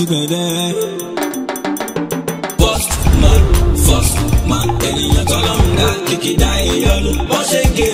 ti gbẹ̀dẹ́. first man first man ènìyàn tọ́lọ́run dá kìkì dá ìyọnu wọ́n ṣe ń gé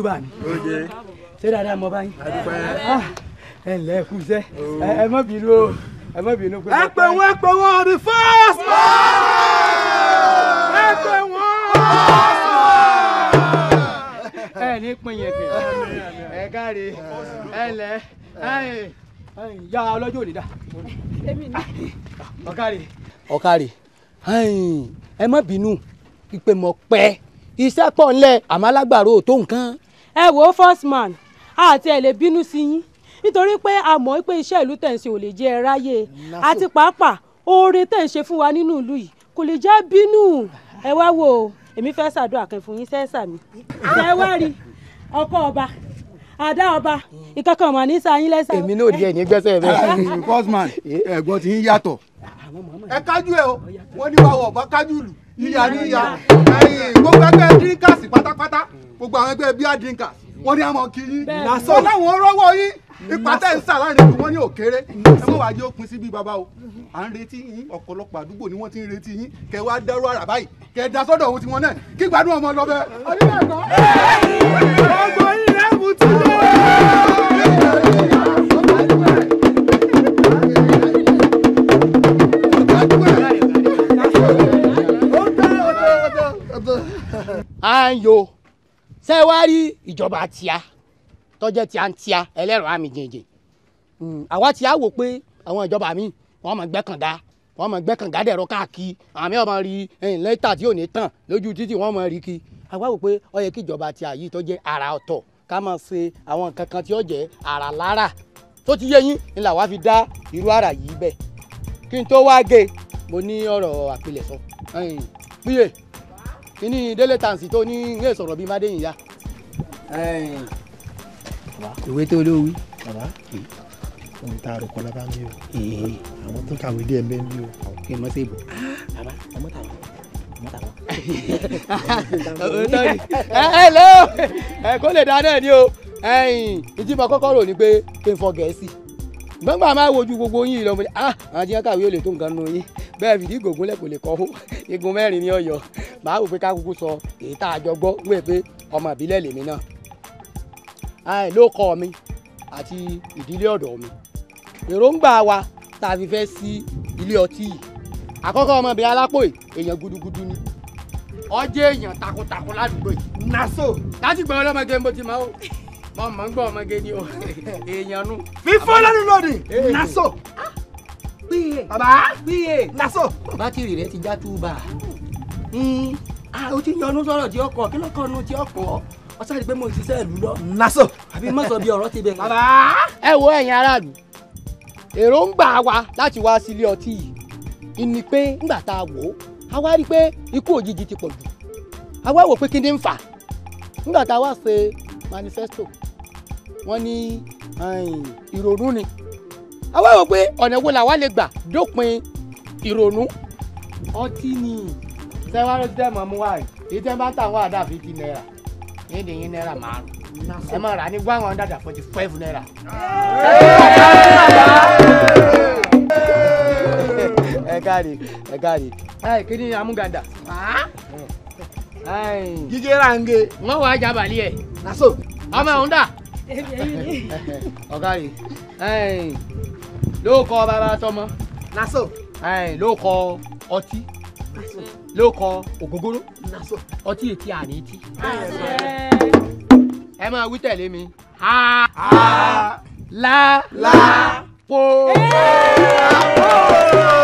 lójú bá mi. ṣé dáadáa mo bá yín. Ah, ẹ ǹlẹ́ kú iṣẹ́ oh. ẹ má bínú o ẹ má bínú ẹ pè wọ́n ẹ pè wọ́n the first man ẹ pè wọ́n. ẹ ní pin ẹ káre ẹ lẹ ya ọlọ́jọ́ òní dá. ọ̀kárì. ọ̀kárì ẹ má bínú pípé mọ̀ pẹ́ iṣẹ́ pọ̀ ńlẹ̀ àmọ́ alágbàro tó nǹkan ẹ wo first man àti ẹ lè bínú sí yín nítorí pé a mọ̀ pé iṣẹ́ ìlú tẹ̀sí ò lè jẹ́ ẹ ráyè àti pàápàá oore tẹ̀ ń ṣe fún wa nínú ìlú yìí kò lè já bínú ẹ wá wò ó èmi fẹ́ ṣàdúrà kan fún yín sẹ́sà mi ẹ wá rí ọkọ ọba àdá ọba ìkankan mà ní sáyín lẹ́sẹ̀. èmi náà di ẹ̀yìn gbẹ́sẹ̀ bẹ́ẹ̀. first man ẹ̀gbọ́n ti ń yàtọ̀ ẹ kájú ẹ o wọ́n ní wàá wọ̀ bá kájú lù yíya ní yíya gbogbo ẹgbẹ́ díríkàsì pátápátá gbogbo àwọn ẹgbẹ́ bíi adinkas wọ́n ní àmọ́ kí yín wọ́n láwọn rọ́wọ́ yín ipa ń sà láàrin ìlú wọn ní òkèrè ẹ mọ̀ wájú òpin síbi bàbá o à ń retí yín ọ̀pọ̀lọpọ̀ àdúgbò ni wọ́n ti ń retí yín kẹ wá dárú àrà báyìí kẹ da sọ́dọ̀ ohun tiwọn náà kí gbádùn ọmọ lọ bẹ́ẹ̀. Ayo ṣé ẹ wá rí ìjọba tíá tọ́jẹ́ tíá ń tíá ẹlẹ́rọ àmì jìnjìn hmm, àwa tíá wò pé àwọn ìjọba mi wọ́n máa gbẹ́kànga wọ́n máa gbẹ́kànga dẹ̀rọ káàkiri àmì ọmọ rí lẹ́tà tí ò ní tàn lójú títì wọ́n máa rí kí àwa wò pé ó kí ìjọba tíá yìí tọ́jẹ́ ara ọ̀tọ̀ ká máa ṣe àwọn nǹkan tí ó jẹ́ ara lára tó ti yé yín ni làwa fi dá irú ara yìí bẹ́ẹ̀ kí n tó wá gé mo ní ọ̀rọ̀ àpilẹ̀sọ píye kíní délé tàǹsì tó ní ilé ìsọ̀rọ̀ bíi mádéyìn ya. ìwé tó lówí. bàbá ohun tá a rò kọ́ lábá mi o àwọn tó kàwé díẹ̀ bẹ́ẹ̀ mi o. kí n mọ sí ibò. bàbá ọmọ tàwọn ọmọ tàwọn. ẹ ẹ lọ kó lè dáná ẹ ní o ìdí mo rò ní pé kí n fọ gẹ̀ẹ́sì gbọ́ngbà máa wojú gbogbo yín lọ ah àwọn tí wọ́n kàwé ò lè tó nǹkan nù yín bẹ́ẹ̀ fìdí gògùn lẹ̀ kò lè kọ́ igun mẹ́rin ní ọ̀yọ́ màá wò pé kákúkú sọ èyí tá a jọ gbọ́ wé pé ọmọ ìbílẹ̀ lèmi náà àì ló kọ́ mi àti ìdílé ọ̀dọ̀ mi èròǹgbà wa tá a fi fẹ́ sí ilé ọtí yìí àkọ́kọ́ ọmọbìnrin alápò èèyàn gudugudu ni ọjọ́ èèyàn takuntakun ládùúgbò yìí. màmá ń gbọ́ ọmọge ni o èèyàn nu. fífọ́ lẹ́nu lónìí naso. baba naso. bátìrì ti já túbà o ti ti kí nu pé mo lọ. naso. àbí mọ̀sọ̀ bí ọ̀rọ̀ ti bẹ̀. baba. ẹ wo ẹ̀yin aráàlú èròǹgbà wa láti wá sílé ọtí yìí ìní pé ńgbà tá a wò ó a wá rí i ti pọ̀ jù a wá wò pé kí ni wọn ní ìrònú ni àwọn pé ọ̀nà lè gbà dópin ìrònú ọtí ni sẹ́wọ́n ló dẹ́ mọ́ mú wá èyí tẹ́ bá ń tà wọ́n àdá fifty naira yín ni yín náírà márùn ẹ máa rà ní one hundred and five naira. ẹ káàdì ẹ káàdì ẹ kí ni amúgàdà ah! gígé ránge. wọ́n wá jábàlì ẹ̀. ọ̀gá rẹ̀ ló kọ bàbá tọmọ naso ló kọ ọtí Naso. kọ ògógóró naso ọtí etí àní etí ẹ máa wí tẹ̀lé mi ha ha la la po la po.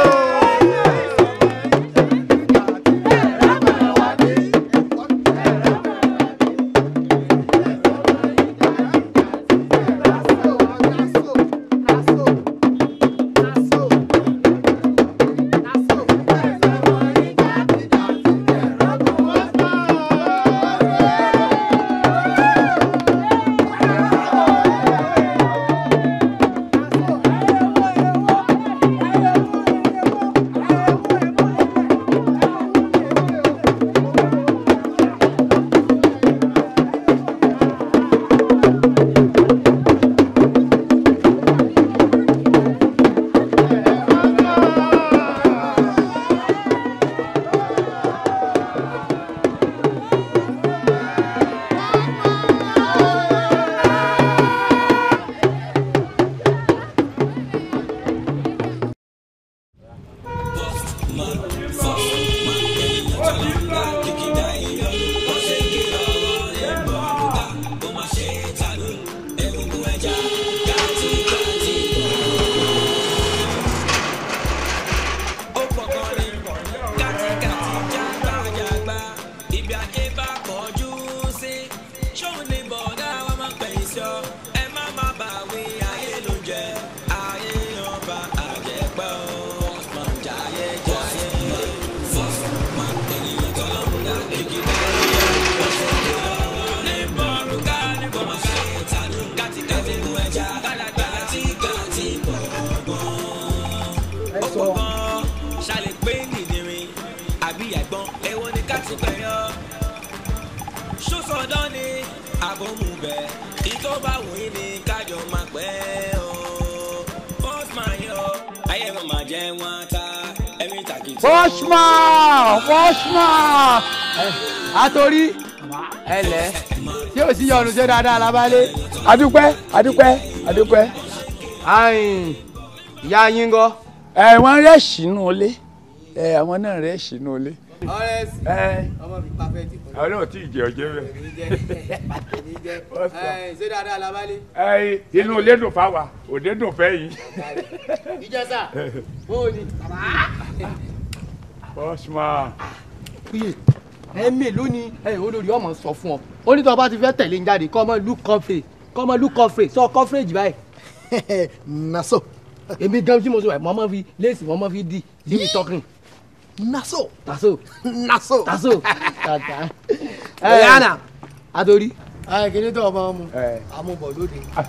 Boshma Boshma àtòrí tí o sì yọnu ṣe dáadáa labalẹ. adúpẹ́ adúpẹ́ adúpẹ́. ìyá yín gọ. ẹ sínú ilé ẹ àwọn náà rẹ̀ sínú ilé. ọ̀rẹ́ ọmọ mi pàfẹ́ àwọn náà jẹ dáadáa inú ilé dùn fáwa òde dùn bọ́sùmá. kúyè ẹ mélòó ni olórí ọmọ sọ fún ọ ó ní tí wọn bá ti fẹ́ tẹ̀lé ń jáde kọ́ ọmọ lu kọfè kọ́ ọmọ lu kọfè sọ kọfè jì báyìí. naso. èmi gan tí mo sọ ẹ mọ ọmọ fi léèsì mọ ọmọ fi di leave me talking. naso. naso. naso. naso. tata. ẹ ẹ ana adori kìnìún tó ọmọ mu àmúbọ̀ lóde ló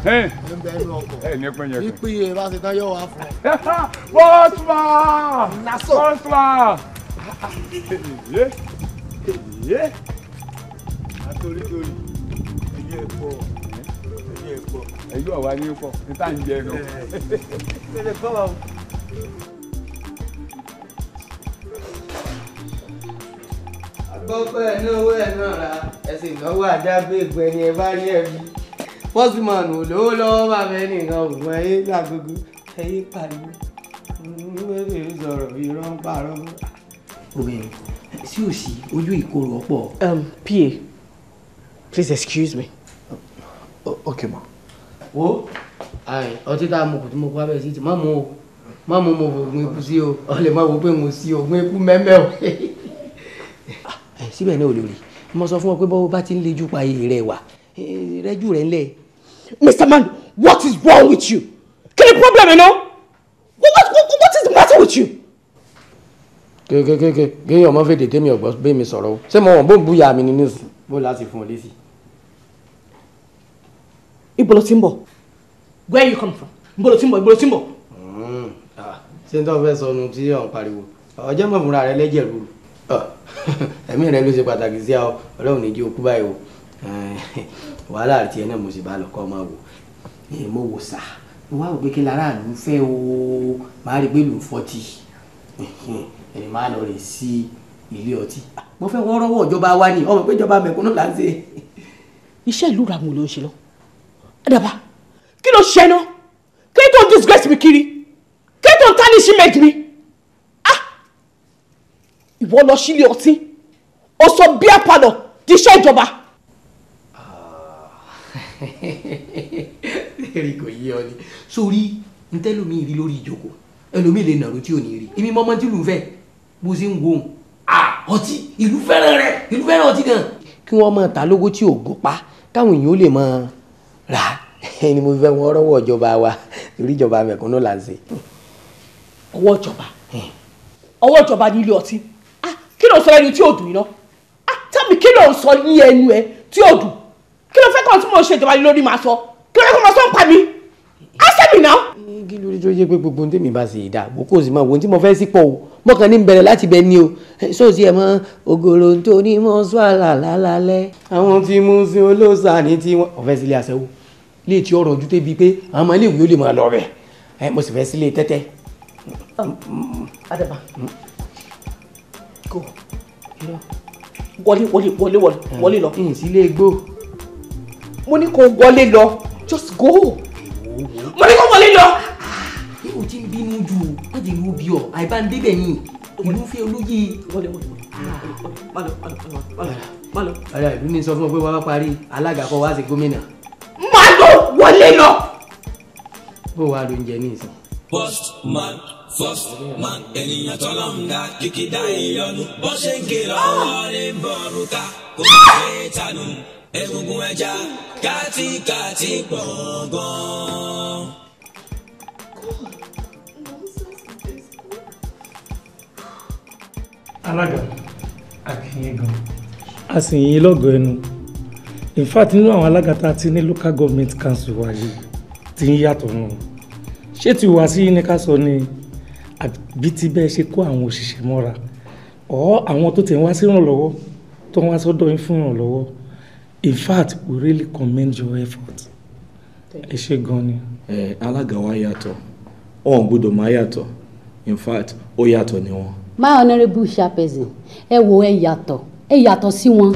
ń bẹ ẹnu ọkọ̀ pípín yẹn bá ṣe tán yóò wá fún ọ. bọ́sùmá bọ́sùmá èyí èyí àtòrítorí èyí ẹ̀pọ̀ èyí ẹ̀pọ̀ èyí ọ̀wá ní pọ̀ níta ń jẹ ẹnu. ṣe kọ́ wa o. àkọ́kọ́ ẹ̀ náà owó ẹ̀ náà ra ẹ̀sìn ìnáwó àdábẹ́ ìgbẹ́ ni ẹ bá rí ẹ̀bí pọ́sìmọ̀nù lówó lọ́wọ́ bá fẹ́ nìkan ògùn ẹ̀yẹ́ gbàgbógó ẹ̀yẹ́ pariwo ẹ̀yẹ́ sọ̀rọ̀ ìrọ̀ ń parọ́ obìnrin sí òsì ojú ìkorò ọ̀pọ̀. Um, pa please excuse me. Uh, ok ma. wo ọtí tá a mọ kò tí mo kó abẹ́ sí ti má mú o má mú mo oògùn eku sí o ọlẹ́ má wo pé mo sí oògùn eku mẹ́mẹ́ o. síbẹ̀ náà ò lè rí mo sọ fún ọ pé bọ́wọ́ bá ti ń lejú pa iye rẹ wà rẹ́jú rẹ̀ ńlẹ̀. Mr. Man, what is wrong with you? kí ni problem ẹ̀ náà? what what what is the matter with you? kékékéké kéèyàn ọmọ fèdè tèmi ọgbọ bẹ mi sọ̀rọ̀ o ṣé mo wọn bó ń búya mi ní nísì bó láti fún ọ lésì. ibo lo ń bọ̀ where you come from ibo lo ti ń bọ̀ ibo lo ti ń bọ̀. Hmm. ṣé n tó fẹ́ sọnù tí ò ń pariwo ọjọ́ mọ̀ fúnra rẹ lẹ́jẹ̀ rúru ẹ̀mí rẹ ló ṣe pàtàkì sí ọ ọlọ́run ní jí okú báyìí o wàhálà àti ẹ̀ náà mo sì bá lọ́kọ́ ọmọ wò mo wò sá mo wá wò pé èyí máa lọ rè sí ilé ọtí mo fẹ́ wọ́n rọ́wọ́ ìjọba wa ni ọmọ pé ìjọba mẹ̀kúnnù là ń ṣe. iṣẹ́ ìlú ràmù ló ń ṣe lọ àdàbà kí ló ṣe ná kí ló disgrace mi kiri kí ló tarnishment mi ah ìwọ lọ sílé ọtí ó sọ bíà palọ di iṣẹ́ ìjọba. Ah! ẹ̀rí kò yé ọ ni sórí ntẹ́lómi rí lórí ìjókòó ẹlòmíì lè nàró tí ò ní rí èmi mọ́mọ́ tí lù ń fẹ́ bó ṣe ń wo ọtí ìlú fẹ́ràn rẹ̀ ìlú fẹ́ràn ọtí gan. kí wọ́n máa ta lógo tí oògùn pa káwọn èèyàn ó lè máa rà á ni mo fẹ́ wọn rọ́wọ́ ìjọba wa torí ìjọba mẹ̀kúnnù là ń ṣe. ọwọ́ ìjọba ọwọ́ ìjọba ní ilé ọtí kí ló ń sọ ẹnu tí ò dùn iná tẹ́mi kí ló ń sọ ní ẹnu ẹ tí ò dùn kí ló fẹ́ kọ́ tí mo ṣe ìjọba lórí màá sọ kí ló fẹ́ kọ́ máa sọ ń pa mi ask me now. igi lórí tó yẹ pé gbogbo ohun tèmi bá ṣe dà bó kò sí mọ ohun tí mo fẹ́ sí pọ̀ o mo kàn ní bẹ̀rẹ̀ láti bẹ̀ ni o sóòsì ẹ̀ mọ́ ògòrò tó ní mọ́ sọ́àlà lálálẹ́. àwọn tí mo sin olóòṣà ní tí wọ́n ọ̀fẹ́ sílé aṣẹ́wó lè ti ọ̀rọ̀ ojú débi pé àwọn ọmọ iléèwé ó lè máa lọ rẹ̀ mo sì fẹ́ sílé tẹ́tẹ́. Um, adaba hmm. go wọlé wọlé wọlé wọlé hmm. lọ. Hmm, mo ní kó wọlé lọ just go mo ní kó wọlé lọ. ìwọ tí ń bínú ju ọjà ìlú bí ọ àìbá ń débẹ̀ ni ìlú fẹ́ olóyè. ọ̀rẹ́ ah. ìlú ní sọ fún ọ pé wọ́n bá parí alága kọ́ wá sí gómìnà. má lọ wọlé lọ. bó wàá ló ń ní ìsìn. first man first man ènìyàn tọ́lọ́ ń dá kìkì dá ìyọnu bó ṣe ń kiri ọ̀rọ̀ ní ah. bọ̀rùkà kò sí ah. ìtanù egungun ẹja kátikàti gbọ̀ngàn. alága akínyìn gan a sì yìn lọ́gọ̀ọ́ ẹnu in fact nínú àwọn alága tá a ti ní local government council wa yìí ti ń yàtọ̀ nù ṣé ti wá sí ní ká sọ ni àbí ti bẹ́ẹ̀ ṣe kó àwọn òṣìṣẹ́ mọ́ra ọ̀ àwọn tó ti ń wá sí ìrànlọ́wọ́ tó ń wá sọ́dọ̀ yín fún ìrànlọ́wọ́ in fact we really commend your effort ẹ ṣe gan ni. ẹ alága wa yàtọ̀ wọn gbọ́dọ̀ máa yàtọ̀ in fact ó yàtọ̀ ni wọn. my honourable chairperson ẹ wo ẹ yàtọ̀ ẹ yàtọ̀ sí wọn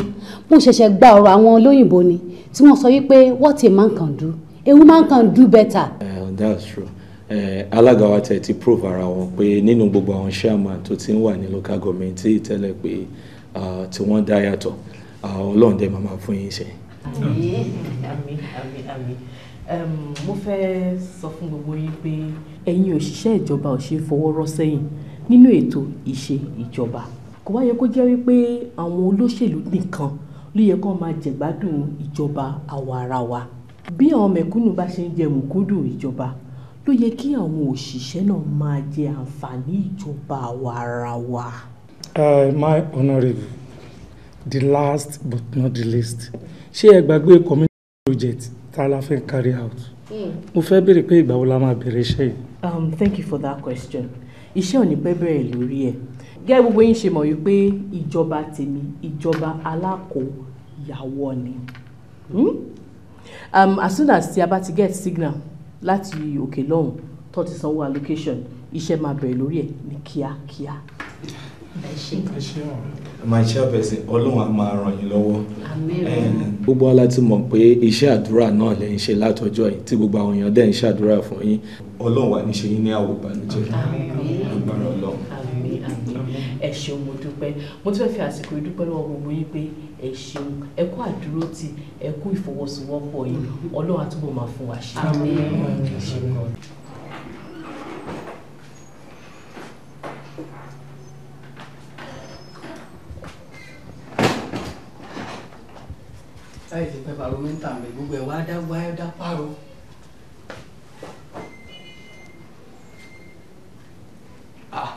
mo ṣẹ̀ṣẹ̀ gba ọ̀rọ̀ àwọn olóyìnbó ni tí wọ́n sọ wípé what a man can do a woman can do better. Uh, that's true alága wa tẹ̀ ti prove ara wọn pé nínú gbogbo àwọn chairman tó ti ń wà ní local government tí ìtẹ́lẹ̀ pé tí wọ́n dá yàtọ̀. Uh, ọlọ́run dẹ̀ máa máa fún yín ṣe. àmín àmín àmín mo fẹ́ sọ fún gbogbo yín pé ẹ̀yin òṣìṣẹ́ ìjọba ò ṣe fọwọ́ rọ́ sẹ́yìn nínú ètò ìṣe ìjọba kò wáyé kó jẹ́ wípé àwọn olóṣèlú nìkan ló yẹ kó máa jẹ̀gbádùn ìjọba àwarawa bí àwọn mẹ̀kúnnù bá ṣe ń jẹ mùkúndù ìjọba ló yẹ kí àwọn òṣìṣẹ́ náà máa jẹ àǹfààní ìjọba àwarawa. Uh, my honourable the last but not the least ṣé ẹ gbàgbé community project tá a la fẹ́ carry out hmm. mo fẹ́ béèrè pé ìgbà wo la máa bẹ̀rẹ̀ iṣẹ́ yìí. um thank you for that question iṣẹ́ ò ní pẹ́ bẹ̀rẹ̀ lórí ẹ̀ gẹ́gẹ́ gbogbo yín ṣe mọ̀ wípé ìjọba tèmi ìjọba alákòóyàwó ni hmm? um, as soon as tí a bá ti get signal láti òkè lọ́hùn tó ti sanwó allocation iṣẹ́ máa bẹ̀rẹ̀ lórí ẹ̀ ní kíákíá. ẹ ṣe my chairperson ọlọ́run á máa ràn yín lọ́wọ́. gbogbo wa la ti mọ̀ pé iṣẹ́ àdúrà náà lè ń ṣe látọjọ́ yìí tí gbogbo àwọn èèyàn dẹ̀ ń ṣàdúrà fún yín ọlọ́run wà ní ṣe yín ní àwòbánújẹ́ agbára ọlọ́run. ẹ ṣeun mo dúpẹ́ mo tún fẹ́ fi àsìkò ìdúpẹ́ lọ́wọ́ gbogbo yín pé ẹ ṣeun ẹ kú àdúró tì ẹ kú ìfọwọ́sowọ́pọ̀ yìí ọlọ́run á máa fún wa ṣe. láì sí pé paro mẹ́ta mi gbogbo ẹ̀ wá dá wá dá paro. Ah.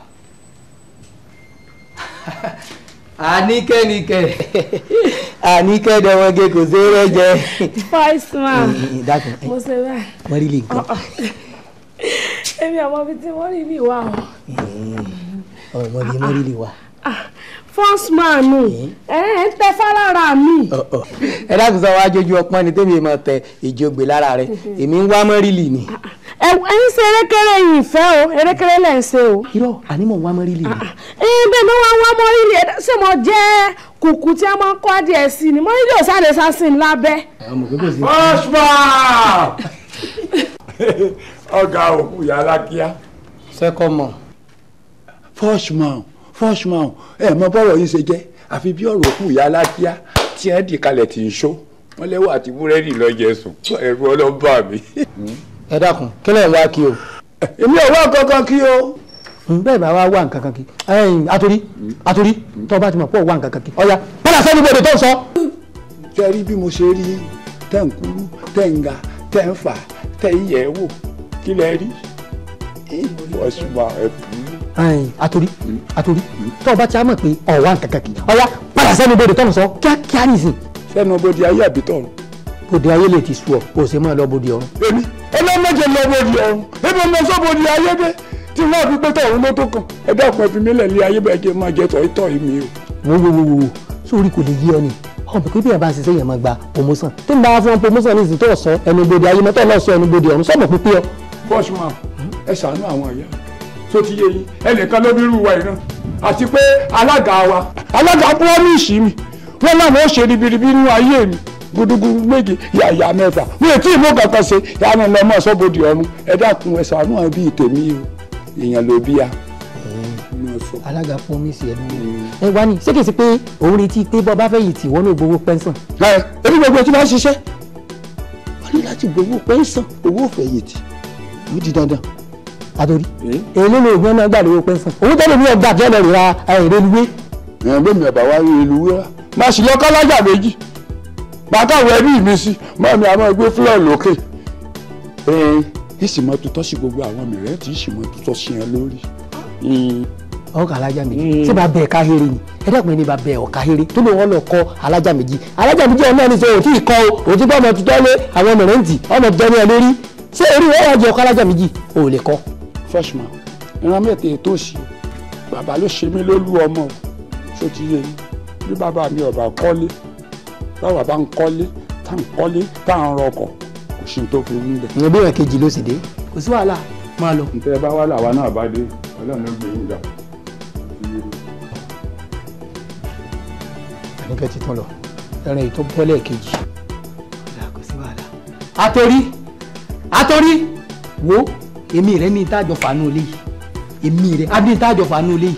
àníkẹ́nìkẹ́ àníkẹ́ dẹ̀wọ̀gẹ̀ kò sí rẹ jẹ. twice ma eh, eh, eh. mo ṣe bẹ́ẹ̀. wọ́n rí lè gbọ́. Oh, oh. èmi àwọn ibi tí wọ́n rí lè wà o. ọmọdé wọ́n rí lè wà first man ni ẹ eh? ẹ eh, tẹ fálára mi. Oh, oh. ẹ dákun sọ wá jójú ọpọ́n ni tèmi mọ tẹ ìjọgbe lára rẹ mm-hmm. èmi ń wá mọ́rìlì ni. Ah, ah. ẹ ń ṣe erékeré yìí fẹ́ o erékeré lẹ̀ ń ṣe o. irọ́ àní mò ń wá mọ́rìlì ni. ẹ bẹ́ẹ̀ mo wá wá mọ́rìlì ṣé mo jẹ́ kùkù tí a máa ń kọ́ adìẹ sí ni mọ́rìlì ò sáré sásìn lábẹ́. Eh, ọ̀gá òkú yàrá kíá. second man. first man rush man ẹ mọ bọ́rọ̀ yìí ṣe jẹ́ àfi bí ọ̀rọ̀ kù ìyá aláfíà tí ẹ dì kalẹ̀ tí ń ṣó wọn lẹ́wọ́ àti búrẹ́dì lọ́jẹ̀ sùn ẹ̀rù ọlọ́ba mi. ẹ dákun kí lẹ́yìn wá kí o. èmi ò wá kankan kí o. Hmm, bẹ́ẹ̀ bá wá wá nǹkan kan kí àtòrí àtòrí tó bá ti mọ̀ pọ̀ wá nǹkan kan kí ọ̀ya bọ́lá sẹ́ni gbọ́dọ̀ tó ń sọ. tẹ́ rí bí mo ṣe rí tẹ́ ń kúrú tẹ́ ń ga tẹ́ ń fà tẹ́ ń yẹ̀ wò kí lẹ rí. ìwọ̀sùnmọ̀ ẹ̀kú àtòrí atori, tó o bá ti á mọ̀ pé ọ̀wá nǹkan kan kì í ọ̀yá padà sẹ́nu bòde tọ́nu sọ kíákíá nìsín. sẹ́nu bòde ayé àbí tọ̀run. bòde ayé lè ti sú ọ kó o sì máa lọ bòde ọ̀run. èmi ẹlẹ́mẹ̀jẹ̀ lọ bòde ọ̀run èmi ọmọ sọ bòde ayé dé tí wọ́n fi pé tọ̀run ló tó kàn ẹ dákun ẹ fi lẹ̀ ní ayé bẹ́ẹ̀ jẹ́ máa jẹ tọ̀ ìtọ̀ mi o. wo wo wo wo sórí kò lè yí ọ ni ọmọ pé bí ẹ bá ṣiṣẹ́ yẹn máa gba promotion tí n bá fún ọ promotion ní ìsìn tó sọ ẹnubodè ayé mọ́tò náà sọ ẹnubodè ọ̀run sọ́mọ̀ pípé ọ. bọ́ọ̀sì máa ẹ ṣàánú àwọn ìyá tó ti yé yín ẹnìkan ló bí irú wa yìí náà àti pé alága wa alága promise mi wọn làwọn ó ṣe ribiribi nínú ayé mi gudugudu méje yàyà mẹ́fà mi ò tí ì mú kankan ṣe yàrá ń lọ mọ sọbodè ọrùn ẹ dákun ẹ ṣàánú àwọn bíi tèmi o èèyàn ló bí a. alága promise ẹnu ẹ wá ní ṣé kìí ṣe pé òun retí pé bọ́ bá fẹ́ yìí tì wọ́n ló gbowó pẹ́ńsàn. ẹ ẹbí gbogbo tí wọ́n ṣiṣẹ́ wọ́n ní láti gbowó pẹ́ńsàn owó fẹ̀yìntì àtòrí eh? èlé lè gbọ́n náà gbàdúró pẹ́ fún owó tẹ́lẹ̀ mi ọgbà tẹ́lẹ̀ rà rélùwé. èèyàn bẹ́ẹ̀ mi ọ̀bà wá rélùwé rà máa sì lọ kálájà méjì bàtàwọn ẹbí mi sí máa mi àwọn ẹgbẹ́ fúlọ̀ lókè ìsì mọ́ tutọ́ sí gbogbo àwọn mìíràn tí ìsì mọ́ tutọ́ sí ẹ lórí. Hmm. ọkọ alájà méjì tí bá bẹ ẹka here ni ẹdẹkùnrin ni bá bẹ ọka here tó lè wọn lọ kọ alájà méjì alájà méjì ọmọ ẹni sọ òtí ìkọ o òtí bá ọmọ tutọ́ lé àwọn mìíràn tì ọmọ jẹ ní ẹ lórí ṣé orí wọn wàá jẹ ọkọ alájà méjì ò lè kọ freshman ìran mẹ́ta ètò òsì bàbá ló ṣe mí lólú ọmọ ṣó ti yé mi bí bàbá mi ọba kọ́lé bàbá bá ń kọ́lé tá ń kọ́lé tá ń rọkọ̀ kò sí tó fi ń bẹ̀. ìyẹn bí ìwà kejì ló sì dé kò sí wàhálà máa lọ. ǹtẹ́ ẹ bá wà làwa náà bá dé ọlọ́run ló gbé yín jà. àníkẹ́ ti tán lọ ẹran èyí tó bọ́lẹ̀ kejì. kò sí wàhálà. àtòrí àtòrí wo èmi rẹ ní ìtajọ fanu ilé yìí èmi rẹ á ìtajọ fanu ilé yìí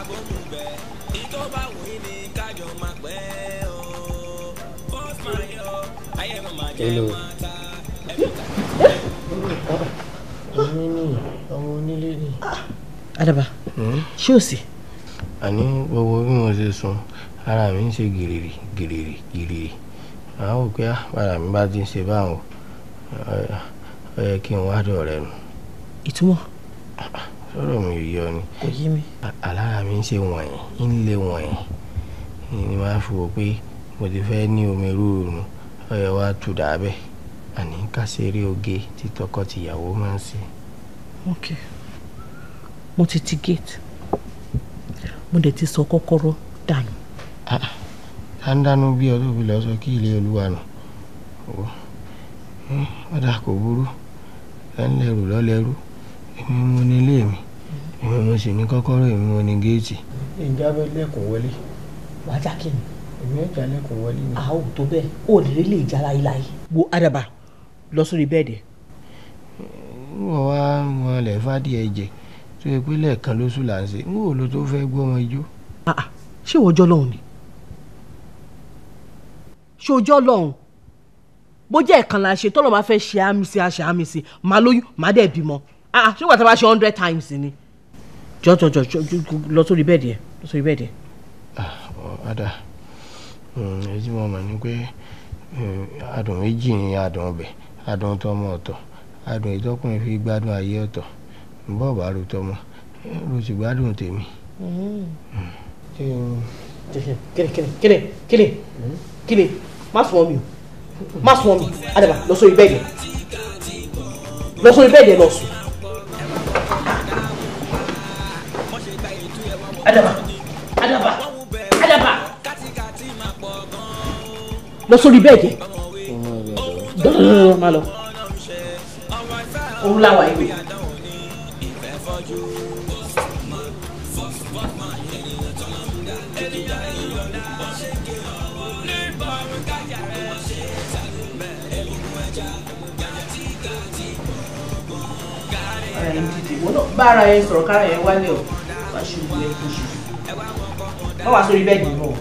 agbóhùnbẹ̀ ìtò bá wù í ní kájọ máa pẹ́ o post man yọ ayé mo máa jẹ́ máa ta ẹ̀mí ta. èmi ọmọ onílé ni. Adaba hmm? ṣé o sì. àní gbogbo bí mo ṣe sùn ara mi ń ṣe gìrìrì gìrìrì gìrìrì àwọn ò ara mi bá ti ń ṣe báwọn ó yẹ kí n wá dọ̀ rẹ nù. ìtumọ̀ sọ̀rọ̀ mi ò yọ ni. kò yí mi. alára mi ń ṣe wọ̀nyí ń lé wọ̀nyí ni máa fi wò pé mo ti fẹ́ ní omi rúurú ọyọ wa tù dábẹ́ àní kásẹ̀rí oge tí tọkọ-tìyàwó máa ń ṣe. ok mo ti ti gate mo dẹ̀ ti sọ kọ́kọ́rọ́ dànù. dáńdánú ah, bí ọdún òbí lọ sọ kí ilé olúwa nù ó ọ̀dà kò burú ẹ̀ ń lẹ́rù lọ́lẹ́rù èmi mo ní ilé mi èmi mo sì ní kọ́kọ́rọ́ èmi mo ní géètì. ìjà bẹ lẹ́kùn wọlé. wàá já kí ni. èmi ò já lẹ́kùn wọlé ni. a ò tó ó lè lè já láyéláyé. wo àdàbà lọ sórí bẹ́ẹ̀dì. wọ́n wá wọn lẹ̀ fádìẹ jẹ tó yẹ pé lẹ́ẹ̀kan lóṣù là ń ṣe n ò lo tó fẹ́ gbọ́ ọmọ ijó. ṣé ìwọ jọ lọ́hùn ni ṣé ojú ọlọ́run bó jẹ́ ẹ̀kan la ṣe tọ́lọ́ máa fẹ́ ṣe àmì sí àṣà àmì sí máa lóyún máa dẹ̀ bímọ ah ṣé wàá tí a bá ṣe hundred times ni jọ jọ jọ lọ sórí bẹ́ẹ̀dì ẹ lọ sórí bẹ́ẹ̀dì ẹ. Ah, ada hmm, èyí mo mọ̀ ní pé eh, adùn méjì ni adùn ọbẹ̀ adùn tọmọ ọ̀tọ̀ adùn ìtọ́kùnrin fi gbádùn ayé ọ̀tọ̀ bọ́ọ̀ bá ro tọmọ ro sì gbádùn tèmi. Hmm. kíni kíni kíni kíni kíni má sùn wọn mi o má sùn wọn mi adaba lọ sórí bẹ́ẹ̀dì lọ sórí bẹ́ẹ̀dì lọ sùn. Adaba Adaba Adaba lọ sórí bẹ́ẹ̀dì dọ́dọ́dọ́dọ́ máa lọ òun làwà ìwé. bára ẹ sọ̀rọ̀ kára ẹ wálé o má wàá sórí bẹ́ẹ̀dì mọ́.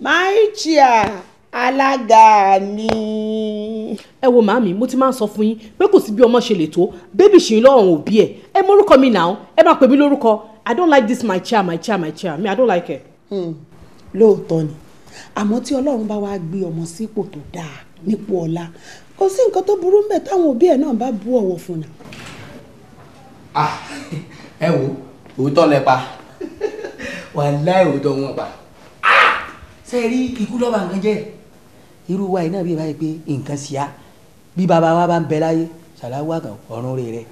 my chair alága mi. ẹ wo màmí mo ti máa ń sọ fún yín pé kò sí bí ọmọ ṣe lè tó bébì ṣì ń lọ́rùn òbí ẹ̀ ẹ mọ orúkọ mi náà ẹ máa pè mí lórúkọ i don't like this my chair my chair my chair me i don't like it. Hmm. lóòótọ́ ni àmọ́ tí ọlọ́run bá wá gbé ọmọ sípò tó dáa nípò ọlá kò sí nǹkan tó burú mbẹ táwọn òbí ẹ̀ náà bá bú ọ̀wọ̀ fún un. ẹ wo òótọ́ lẹ pa wàláhì òótọ́ wọn pa ṣe rí ikú lọ́ba nǹkan jẹ́ irú wa yìí náà bí báyìí pé nǹkan sì á bí bàbá wa bá ń bẹ láyé ṣàlàwà kan ọ̀run rè rẹ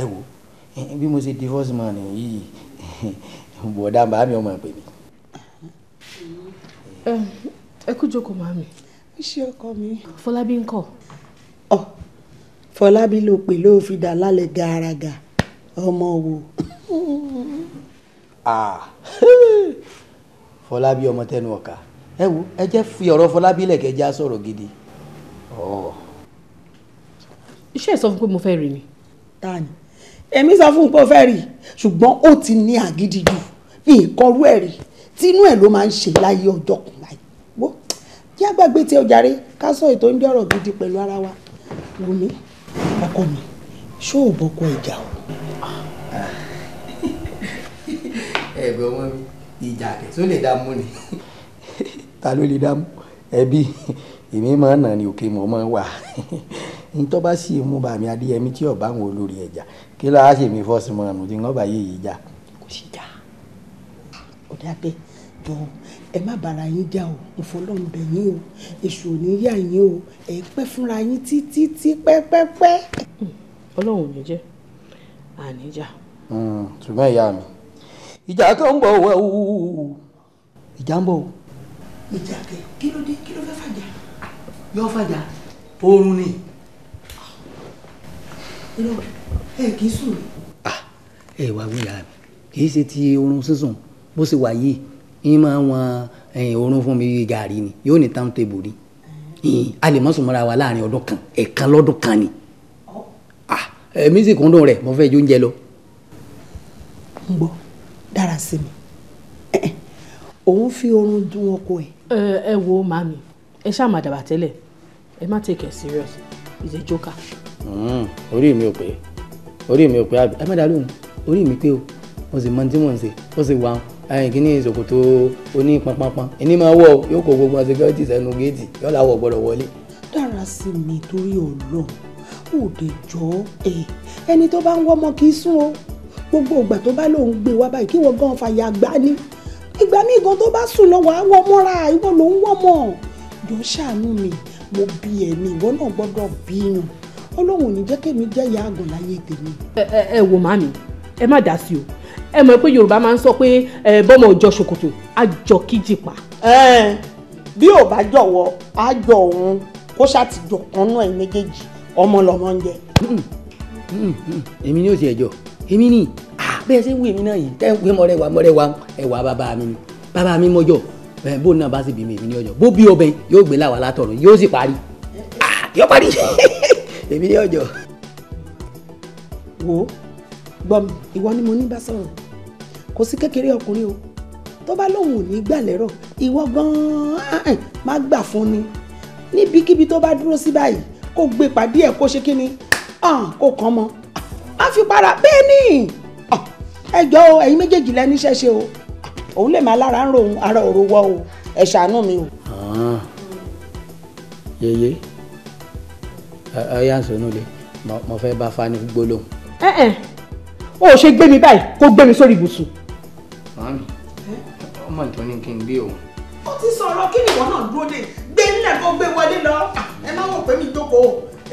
ẹ wo bí mo ṣe divorce man yìí bọ̀dá bàá mi ọmọ ìpè mi ẹ kú jókòó màmí. ó ṣe ọkọ mi. fọlábí ń kọ. ọ fọlábí ló pè ló fi dà lálẹ́ gàràgà ọmọ wo. fọlábí ọmọ tẹnu ọ̀ka ẹ wo ẹ jẹ́ fi ọ̀rọ̀ fọlábí lẹ̀kẹ́já sọ̀rọ̀ gidi. iṣẹ́ ìsọ fún pé mo fẹ́ rí ni. ta ni èmi sọ fún un pé ó fẹ́ rí ṣùgbọ́n ó ti ní àgídí jù nǹkan rú ẹ̀ tinú ẹ̀ ló máa ń ṣe láyé ọjọ́ kan láyé wó kí á gbàgbé tí ọjàre ká sọ ètò ń dé ọ̀rọ̀ gidi pẹ̀lú ara wa wò mí ọkọ mi ṣó ò bọ́kọ ìjà o. ẹ̀gbẹ́ ọmọ mi ìjà kẹ̀ tó lè dààmú ni. ta ló lè dààmú ẹbí èmi máa nà ní òkè mọ́ máa wà ntọ́ bá sì mú bàmí adéyẹmí tí ọba àwọn olórí ẹ̀jà kí láá ṣèmi fọ́ọ̀sì mọ́ ọ̀nà tí wọ́n bá yé yìí jà. kò sí jà ó dábẹ́ jọ ẹ má bára yín jà o mo fọlọ́run bẹ̀ yín o èṣù ò ní yà yín o ẹ pẹ́ fúnra yín títí tí pẹ́pẹ́pẹ́. ọlọ́run ò ní jẹ́ àníjà. Hmm, ṣùgbọ́n ìyá mi ìjà kan ń bọ̀ wẹ́ o ìjà ń bọ̀ o. ìjà kẹ kí ló dé kí ló fẹ́ fàjà. yọ fàjà oorun ni. ẹ kì í sùn. Ah, ẹ wá wíyà mi kì í ṣe ti oorun sísùn bó ṣe wà yìí ima máa wọn oorun eh, fún mi bíi gàrí ni yóò ní táwọn tèbù rí a lè mọ̀ sùnmọ́ra wa láàrin ọdún kan ẹ̀ẹ̀kan lọ́dún kan ni èmi sì kúndùn rẹ̀ mo fẹ́ jó oúnjẹ lọ. ń gbọ́ dára sí mi òun fi oorun dún ọkọ ẹ̀. ẹ wo màmí ẹ ṣáà má dàbà tẹ́lẹ̀ ẹ má take it serious he's a joker. Hmm, orí mi ò pé orí mi ò pé àbí ẹ má dàá lóhùn orí mi pé o mo sì mọ ohun tí mò ń ṣe ó sì wà á kíní ìsòkòtò oní pọnpọnpọn ẹni máa wọ yóò kó gbogbo security sẹ́nu géètì yóò làwọ̀ gbọ́dọ̀ wọlé. dára sí mi torí ọlọ òde jọ ẹ ẹni tó bá ń wọmọ kì í sún o gbogbo ìgbà tó bá lòun gbé wá báyìí kí wọn gan fàyà gbá ní ìgbà míì gan tó bá sùn lọ wàá wọ mọ́ra ìwọ ló ń wọmọ jọ ṣàánú mi mo bí ẹni ìwọ náà gbọ́dọ̀ bíyàn Ọlọ́run ò ní jẹ́ kémi jẹ́ ìyá àgàn láyé tèmi. ẹ ẹ wo màmí ẹ má dá sí o ẹ mọ̀ pé yorùbá máa ń sọ pé ẹ bọ́mọ òjọ ṣòkòtò á jọ kíjì pa. bí ò bá jọ̀wọ́ á jọ òun kó ṣàtijọ́ kan náà ẹ̀ méjèèjì ọmọ lọ́mọ ń jẹ. èmi ni ó ti ẹ̀jọ̀ èmi ni ah, bẹ́ẹ̀ ṣe ń wú èmi náà yìí tẹ́ ń pè mọ́rẹ́wà mọ́rẹ́wà ẹ̀wà bàbá mi bàbá mi mọ́jọ́ bó náà bá sì bí mi èmi ní ọjọ́ bó bí ọbẹ̀ yóò gbé láwa látọ̀run yóò sì parí ah, yóò parí èmi ní ọjọ́. wo gbọ́n ìwọ ni mo ní bá sọ̀rọ̀ kò sí kékeré ọkùnrin o tó bá lóun ò ní gbà lérò ìwọ gan-an má gbà fún ni níbikíbi tó bá dúró sí báyìí kó gbé pàdé ẹ̀ kó ṣe kí ni kó kàn mọ́ á fi para bẹ́ẹ̀ ni ẹ o ẹ̀yin méjèèjì lẹ́ni iṣẹ́ ṣe o òun lè má lára ń rohun ara òru wọ o ẹ ṣàánú mi o. yeye ọyá ń sọnù lè mo fẹ́ bá fani gbólóhùn o ò ṣe gbé mi báyìí kó gbé mi sórí ibùsùn. màámi ọmọ ìtọ́ ni kí n gbé o. ó ti sọ̀rọ̀ kí ni náà dúró dé gbé nílẹ̀ kó gbé wọlé lọ ẹ má wọ̀ pé mi jókòó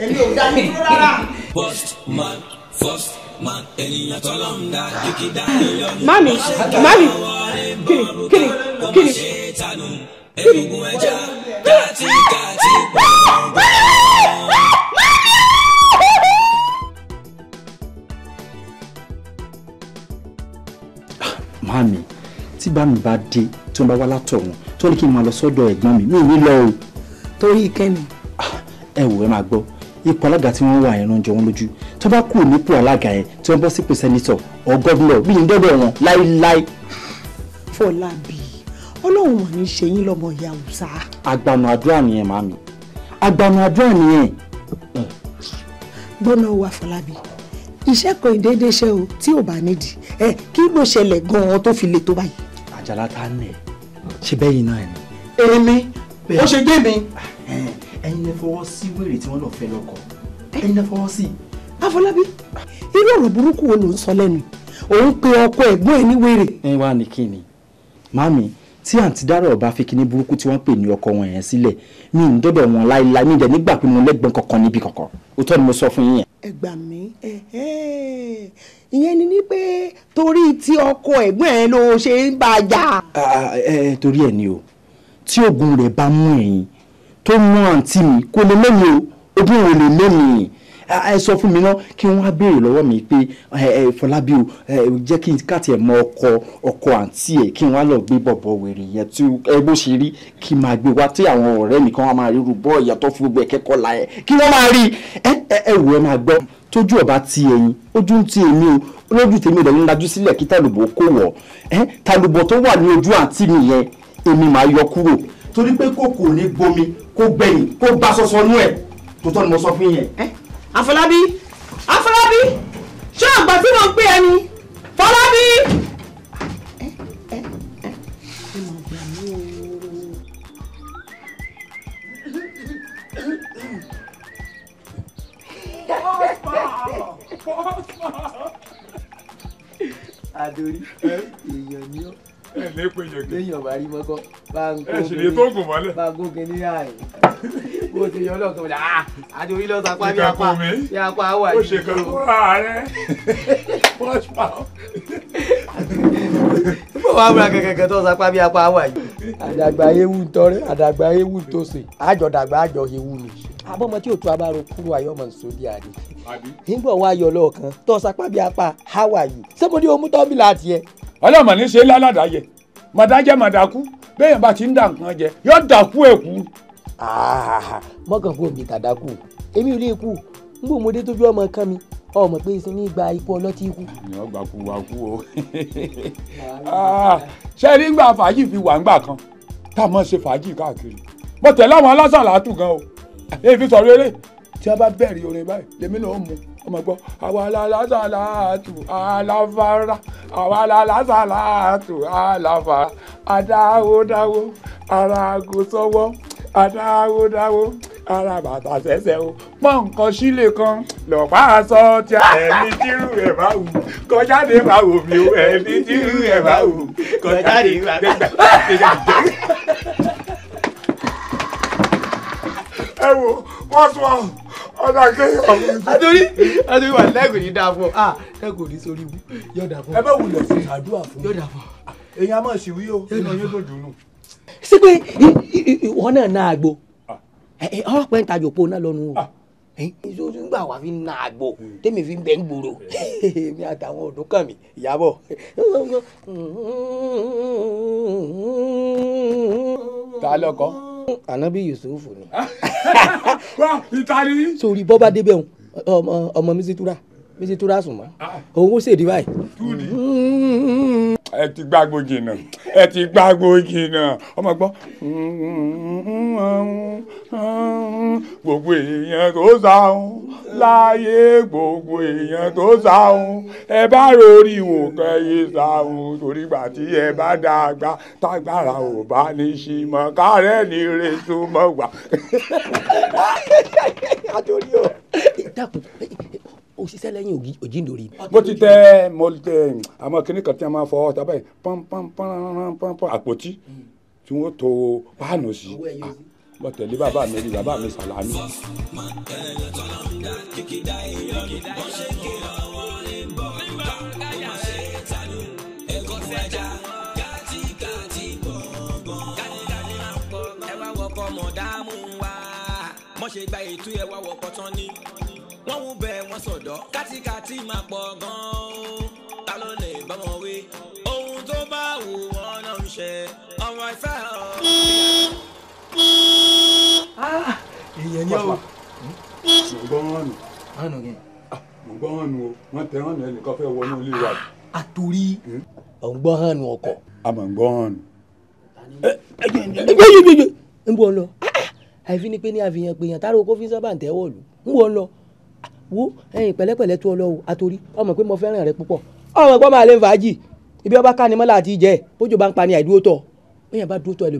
èmi ò dá dúró rárá. first man first man ènìyàn tó lọ ń da kìkì dá ìyọ. màámi màámi kí ni kí ni kí ni. egungun ẹja dátí dátí. bá mi tí bá mi bá dé tí wọ́n bá wá látọ̀ wọn tó ní kí n máa lọ sọ́dọ̀ ẹ̀gbọ́n mi mi ò ní lọ o. torí kẹ́ni. Ah, ẹ wò ẹ máa gbọ́ ipò alága tí wọ́n wà yẹn ló ń jọ wọ́n lójú tó bá kúrò nípò alága yẹn tí wọ́n bọ́ sípò sẹ́nitọ̀ or governor bí n dọ́dọ̀ wọn láíláí. fọlábì ọlọ́run ò ní ṣe yín lọ́mọ ìyá òòsà. agbanu àdúrà nìyẹn màmí agbanu àdúrà nìyẹn. gbọ́nà wà fọlábì iṣẹ́ kan ìdédé ṣe o tí ò bá nídìí ẹ kí ló ṣẹlẹ̀ gan-an tó fi le tó báyìí. àjàlá ta nẹ ṣe bẹ́ẹ̀ yín náà ẹ̀ ni. èmi ó ṣe jẹ́ mi. ẹ̀yin lè fọwọ́ sí wèrè tí wọ́n lọ fẹ́ lọ́kọ ẹ̀yin lè fọwọ́ sí. afọlábí irú ọ̀rọ̀ burúkú wo ló ń sọ lẹ́nu òun pe ọkọ ẹ̀gbọ́n ẹ̀ ní wèrè. ẹ wá ní kí ni màmí tí àǹtí dárò ọba fikini kíní burúkú tí wọ́n pè ní ọkọ wọn yẹn sílẹ̀ mi ń dọ́dọ̀ wọn láéláé mi ń jẹ́ nígbà pé mo lẹ́gbọ̀n kankan níbi kankan òótọ́ ni mo sọ fún yín yẹn. ẹ ìyẹn ni ní pé torí tí ọkọ ẹ̀gbọ́n ẹ ló ṣe ń bá a jà. torí ẹ ni o tí oògùn rẹ bá mú ẹyin tó mú àǹtí mi kò lè lẹ́yìn o oògùn rẹ lè lẹ́yìn ẹ sọ fún mi náà kí wọ́n á béèrè lọ́wọ́ mi pé Fọlábí o jẹ́ kí n káàtì ẹ̀ mọ ọkọ ọkọ àǹtí ẹ̀ kí wọ́n á lọ gbé bọ̀bọ̀ wèrè yẹn tí ẹ bó ṣe rí kí n máa gbé wá tí àwọn ọ̀rẹ́ mi kan wá máa rí rúbọ ìyàtọ̀ fún gbogbo ẹ̀kẹ́kọ̀ọ́ la ẹ̀ kí wọ́n máa rí ẹ ẹ wò ẹ máa gbọ́ tójú ọba ti ẹyin ojú ti èmi o olójú tèmi rẹ̀ ń lajú sílẹ̀ kí tàlùbọ̀ kò wọ̀ ẹ́ tàlùbọ̀ tó wà ní ojú àǹtí mi yẹn èmi máa yọ kúrò torí pé kò ní bomi kó gbẹ̀yìn kó gbà sọ́sọ́ nú ẹ̀ tó tọ́ ni mo sọ fún yẹn àfọlábí àfọlábí ṣé àgbà tí mo ń pè ẹni fọlábí. adori èèyàn ni ó ẹ ní péjọ kí. lẹ́yìn ọba rí mọkọ bá ń kó kiri bá ń kó kiri àyè bó ti yọ ọlọ́ọ̀kan wọlé ah, àá àti orí lọ́sà pa bí apá bí apá wà yìí. ó ṣe kan fún ààrẹ punch pound. bó wàá múra kẹ̀kẹ́ tó sá pa bí apá wà yìí. àdàgbà ewu ń tọrẹ àdàgbà ewu ń tòsè àjọ̀dàgbà àjọ ewu nìyí àbọ̀mọ tí òtún abáro kúrò ayọ́mọ nsọ́lí àdé nígbà wọn ayọ̀ lọ́ọ̀kan tó sapá bíi apá how are you sẹ́mọ̀dé omi tó ń bí láti yẹ. ọlọ́mọ ní ṣe lálàdá yẹ màdájẹ́ màdákú bẹ́ẹ̀ bá ti ń dà nǹkan jẹ yóò dàkú èkú. mọ́kànfó mi tàdákù èmi ò lè kú n bò mo dé tójú ọmọ kan mi ọmọ pé sin ní gba ikú ọlọ́tí ikú. ni ọgbà kú wa kú o ah, ṣe rí ngbà fàájì fi wà ngbà kan tá a mọ̀ ṣe fàájì káàkiri mo tẹ̀lé àwọn alásàlátù gan o èyí fi sọ̀rọ̀ eré tí a bá bẹ̀rẹ̀ orin báyìí lèmi náà mú ọmọ gbọ́ àwa làlásàlátù àlàfàrà àwa làlásàlátù àlàfàrà adáwódáwó arago sọ́wọ́ adáwódáwó ara bàtà sẹ́sẹ́ o pọ́n nǹkan sílé kan lọ́pàá aṣọ tí a ẹni tírú ẹ̀ bá wù kọjáde bá wò mí o ẹni tírú ẹ̀ bá wù kọjáde bá wù ẹ wo wọ́n tún àwọn ọ̀dà kéèyàn ọ̀gbìn. àtòrí àtòrí wà lẹ́gùn yìí dáa fún ọ ẹ kò ní sórí ibu yọ̀dà fún ọ. ẹ bá wulẹ̀ sí àdúrà fún yọ̀dà fún ọ. Ah, èèyàn máa ṣì wí o inú yín kò dùn nù. ṣé pé ìwọ náà náà àgbo ah. ọlọ́pàá ń tajò pé o náà lọ́nu o ah. nígbà wà fi na àgbo tèmi fi bẹ́ ń gbòòrò mi àtàwọn ọ̀dún kàn mí ìyàbọ̀. ta lọkọ ànábì Yusuf ni. wá ìtàlí. sori bọ́ba débẹ̀ ọmọ ọmọ mísítúrà mísítúrà sùn mọ́ ah. òun ó ṣèdí báyìí. túùdì mm-hmm. ẹ ti gbàgbó jìnnà ẹ ti gbàgbó jìnnà ọmọ gbọ́ mm-hmm. Mm-hmm. gbogbo èèyàn kò sáà láyé gbogbo èèyàn tó sáhun ẹ bá rori wọn kẹyìn sáhun torí gbà tí ẹ bá dàgbà tágbára ò bá ní ṣí mọ kárẹ́ ní retú mọ gbà. o ṣiṣẹ́ lẹ́yìn òjìndòrí. mo ti tẹ mo tẹ àmọ́ kíní kan tí a máa fọwọ́ tábà yìí pọ́npọ́npọ́n àpótí tí wọ́n tó páànù sí mo tẹ̀lé bàbá mi rí bàbá mi sàlámì. wọ́n ṣe gba ètò ẹ̀ wá wọ̀pọ̀ tán ni wọ́n wú bẹ́ẹ̀ wọ́n sọ̀dọ̀ kátikáti máa pọ̀ gan-an ta ló lè bá wọn wé ohun tó bá wù wọ́n náà ń ṣe ọmọ ìfẹ́ hàn. èèyàn ni ó. mo gbọ́ wọn nù. wọn nù wọn nù o wọn tẹ a ma ń hàn nù. ń bọ̀ lọ àìfi ní àfihàn pé fi sábà ń tẹ́wọ̀ lù ń lọ wo ẹyin pẹ̀lẹ́pẹ̀lẹ́ tó àtòrí ọmọ pé mo fẹ́ràn rẹ púpọ̀ ọmọ ń fàájì ibi ọba bójú bá ń pa ni àìdúró tọ̀ bá dúró tọ̀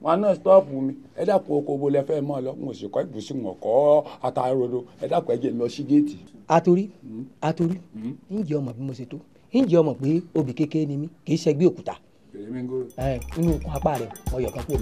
wọn náà stọọpù mi ẹ dákun oko bo lẹ mọ lọ mo sì kọ ibùsùn wọn kọ àtàrodo ẹ dákun lọ sí géètì. ọmọ hmm. hmm. bí mo ṣe tó ọmọ pé obì kékeré ni mí kì í okuta òkúta inú okùn apá kan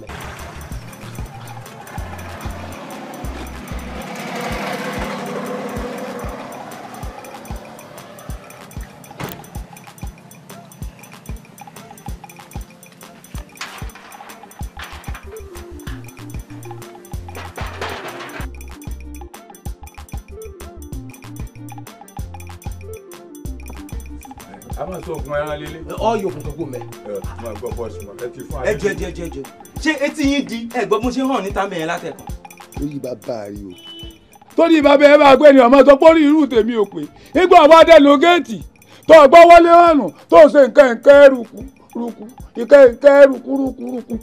tó nǹkan ẹran lélẹ̀. ọyọ òkùnkùn kò mẹ. máa gbọ́ bọ́ọ̀sì mọ́ ẹ ti fún àyè. ẹjọ ẹjọ ẹjọ ẹjọ ṣé etí yín di ẹgbọ́n mo ṣe hàn níta mẹ́yẹn látẹ̀kọ́. orí bàbá rẹ o. torí bàbá ẹ bá gbé ni ọmọ tó pọ́nrí irú tèmi ò pé igbó àwọn adé lo géètì tó gbọ́ wọlé ọ̀nà tó ṣe nǹkan nǹkan rúkú rúkú nǹkan rúkú rúkú rúkú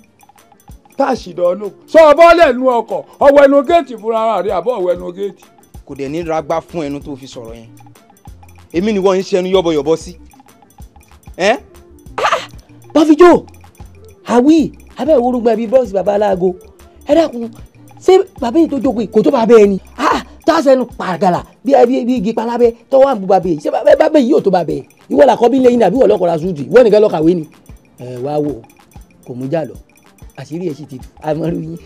tá a sì dánú sọ ọbọ̀lẹ̀ nu ọkọ̀ ọwọ́ ẹnu géètì fúnra rẹ̀ àbọ̀ ọwọ́ ẹnu géètì. kò dẹ̀ ní ragbá fún ẹnu tó fi sọ̀rọ̀ yẹn èmi ni wọ́n ń ṣe ẹnu yọ́bọ̀yọ̀bọ̀ sí ẹ́ bọ́fíjò àwí abẹ́ ìwúrúgbọ́n ẹbí bros bàbá aláago ẹ dákun ṣé bàbá yìí tó jókòó kò tó bàbá ẹni tásẹ̀nu pàgàlà bí bí igi palábẹ́ tọ́wọ́ àbú bàbá yìí ṣé bàbá yìí yóò tó bàbá ẹ̀ ìwọ làkọ́ bí lẹ́yìn àbí wọ́n lọ́kọ̀ ra sùúrù wọ́n nìkan lọ́kàwé ni ẹ wá wò kò mú jà lọ àṣírí ẹ̀ sì ti tù àmọ́rú yín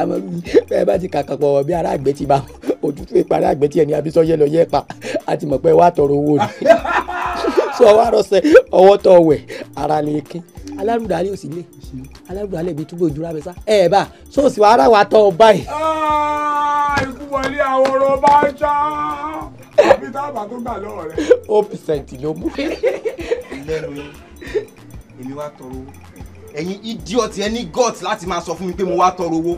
àmọ́rú yín bẹ́ẹ̀ bá ti kàkà pọ̀ bí ará àgbẹ̀ ti bá òtútù ìparí àgbẹ̀ tiẹ̀ ní abisọ́yẹ́ lọ yẹ́ pa àti mọ̀ pé wàá tọrọ owó ni so ọwọ́ àròsẹ ọwọ́ tọ̀ wẹ̀ ara lè kín alárùndàlẹ̀ ò sì lè alárùndàlẹ̀ bíi túbọ̀ ìjura mi sá ẹ bá sóòsì wàhálà wà tọ̀ báyìí. Ah, ikú wọlé àwọn ọ̀rọ̀ bá ń ṣá àbí táàbà tó gbà lọ́wọ́ rẹ̀. ó pìsẹ̀ǹtì ló mú. lẹ́nu èmi wá tọrọ owó ẹ̀yin idiot ẹ ní gut láti máa sọ fún mi pé mo wá tọrọ owó.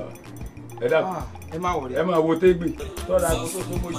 ẹ dàbọ̀ ah, ẹ máa wọ̀ ẹ máa wo tégbè tọ́ra kó tó tó mójú.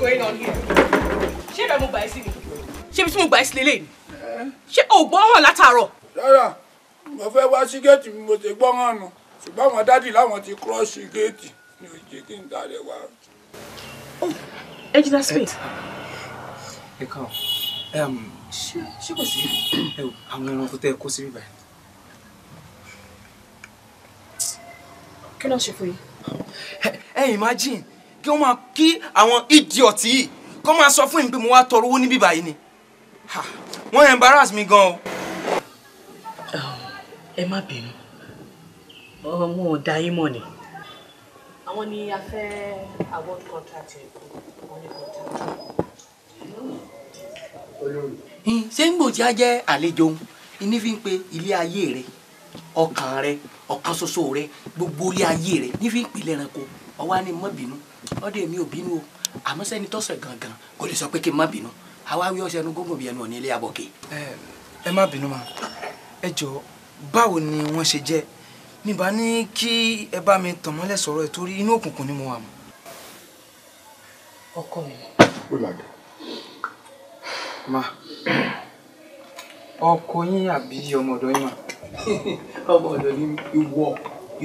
going on here? Ṣé bẹ́ẹ̀ mo gbà ẹ́ sí ni? Ṣé ibi tí mo gbà ẹ́ sí lélẹ̀ Ṣé o gbọ́ hàn látàárọ̀? Rárá, mo fẹ́ wá sí géètì mi mo ṣe gbọ́ hàn nù. Ṣùgbọ́n àwọn dádì láwọn ti kírọ́ọ̀ṣì géètì ni ò jẹ́ kí n dáre wá. Oh, ẹ jí dá space. Ẹ kàn, ṣé kò sí àwọn ẹranko tẹ́ ẹ kó sí bíbá Kí ló ṣe fún yín? Ẹ imagine kí wọ́n máa kí àwọn idiot yìí kọ́ máa sọ fún mi pé mo wá tọrọ owó níbí báyìí ni wọ́n embarrass mi gan o. ẹ má bínú ọmọ ò da mọ̀ ni. àwọn ni a fẹ́ award contract ẹ̀ wọ́n ní contract. ṣé ń gbòjá jẹ́ àlejò ní fi ń pe ilé ayé rẹ̀ ọkàn rẹ̀ ọ̀kan ṣoṣo rẹ̀ gbogbo ilé ayé rẹ̀ ní fi ń pè lẹ́ranko ọwọ́ á ní mọ́ bínú ọdẹ mi ò bínú o àmọ́ sẹ́ni tọ́sẹ̀ gangan kò lè sọ pé kí n má bínú àwa wí ọ̀sẹ̀ ẹnu gógùn bí ẹnu ò ilé abọ́kè. ẹ má bínú ma ẹ jọ báwo ni wọ́n ṣe jẹ́ mi bá ní kí ẹ bá mi tàn mọ́lẹ̀ sọ̀rọ̀ ẹ̀ torí inú òkùnkùn ni mo wà mọ́. ọkọ mi. ó làgà. ma ọkọ yín àbí ọmọ yín mà. ọmọ ọ̀dọ̀ ni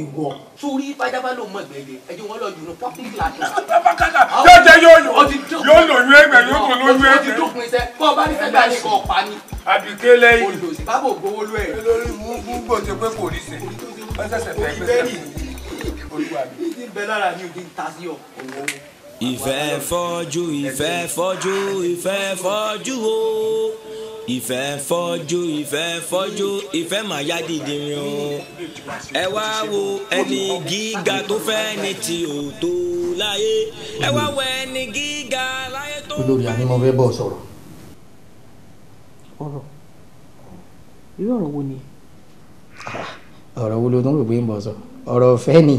ìwọ sórí fàjábá ló mọ ìgbẹ́lẹ̀ ẹ̀jẹ̀ wọn lọ jùlọ pọ́pìn kíláàsì. jẹjẹ yóò yọ yóò lò yún ẹgbẹ yóò kò ló yún ẹgbẹ. kọ́ ọ bá ní sẹ́gbà ní kọ́ pa ni. àbíké lẹ́yìn. olùdòsí bábò gbowó lọ ẹ̀. olórí mú gbòòtò pé kò rí sè wọ́n ṣẹ̀ṣẹ̀ fẹ́ gbé sẹ́yìn. ìfẹ́ fọ́jú ìfẹ́ fọ́jú ìfẹ́ fọ́jú o ìfẹ́ fọ́jú ìfẹ́ fọ́jú ìfẹ́ mà yá dìde mi o ẹ wá wo ẹni gíga tó fẹ́ ni tí ò tó láyé ẹ wá wo ẹni gíga láyé tó. olórí àní mo fẹ́ bọ̀ sọ̀rọ̀. ọ̀rọ̀ irú ọ̀rọ̀ wo ni. ọ̀rọ̀ wo ló tún rò pé ń bọ̀ sọ ọ̀rọ̀ ìfẹ́ ni.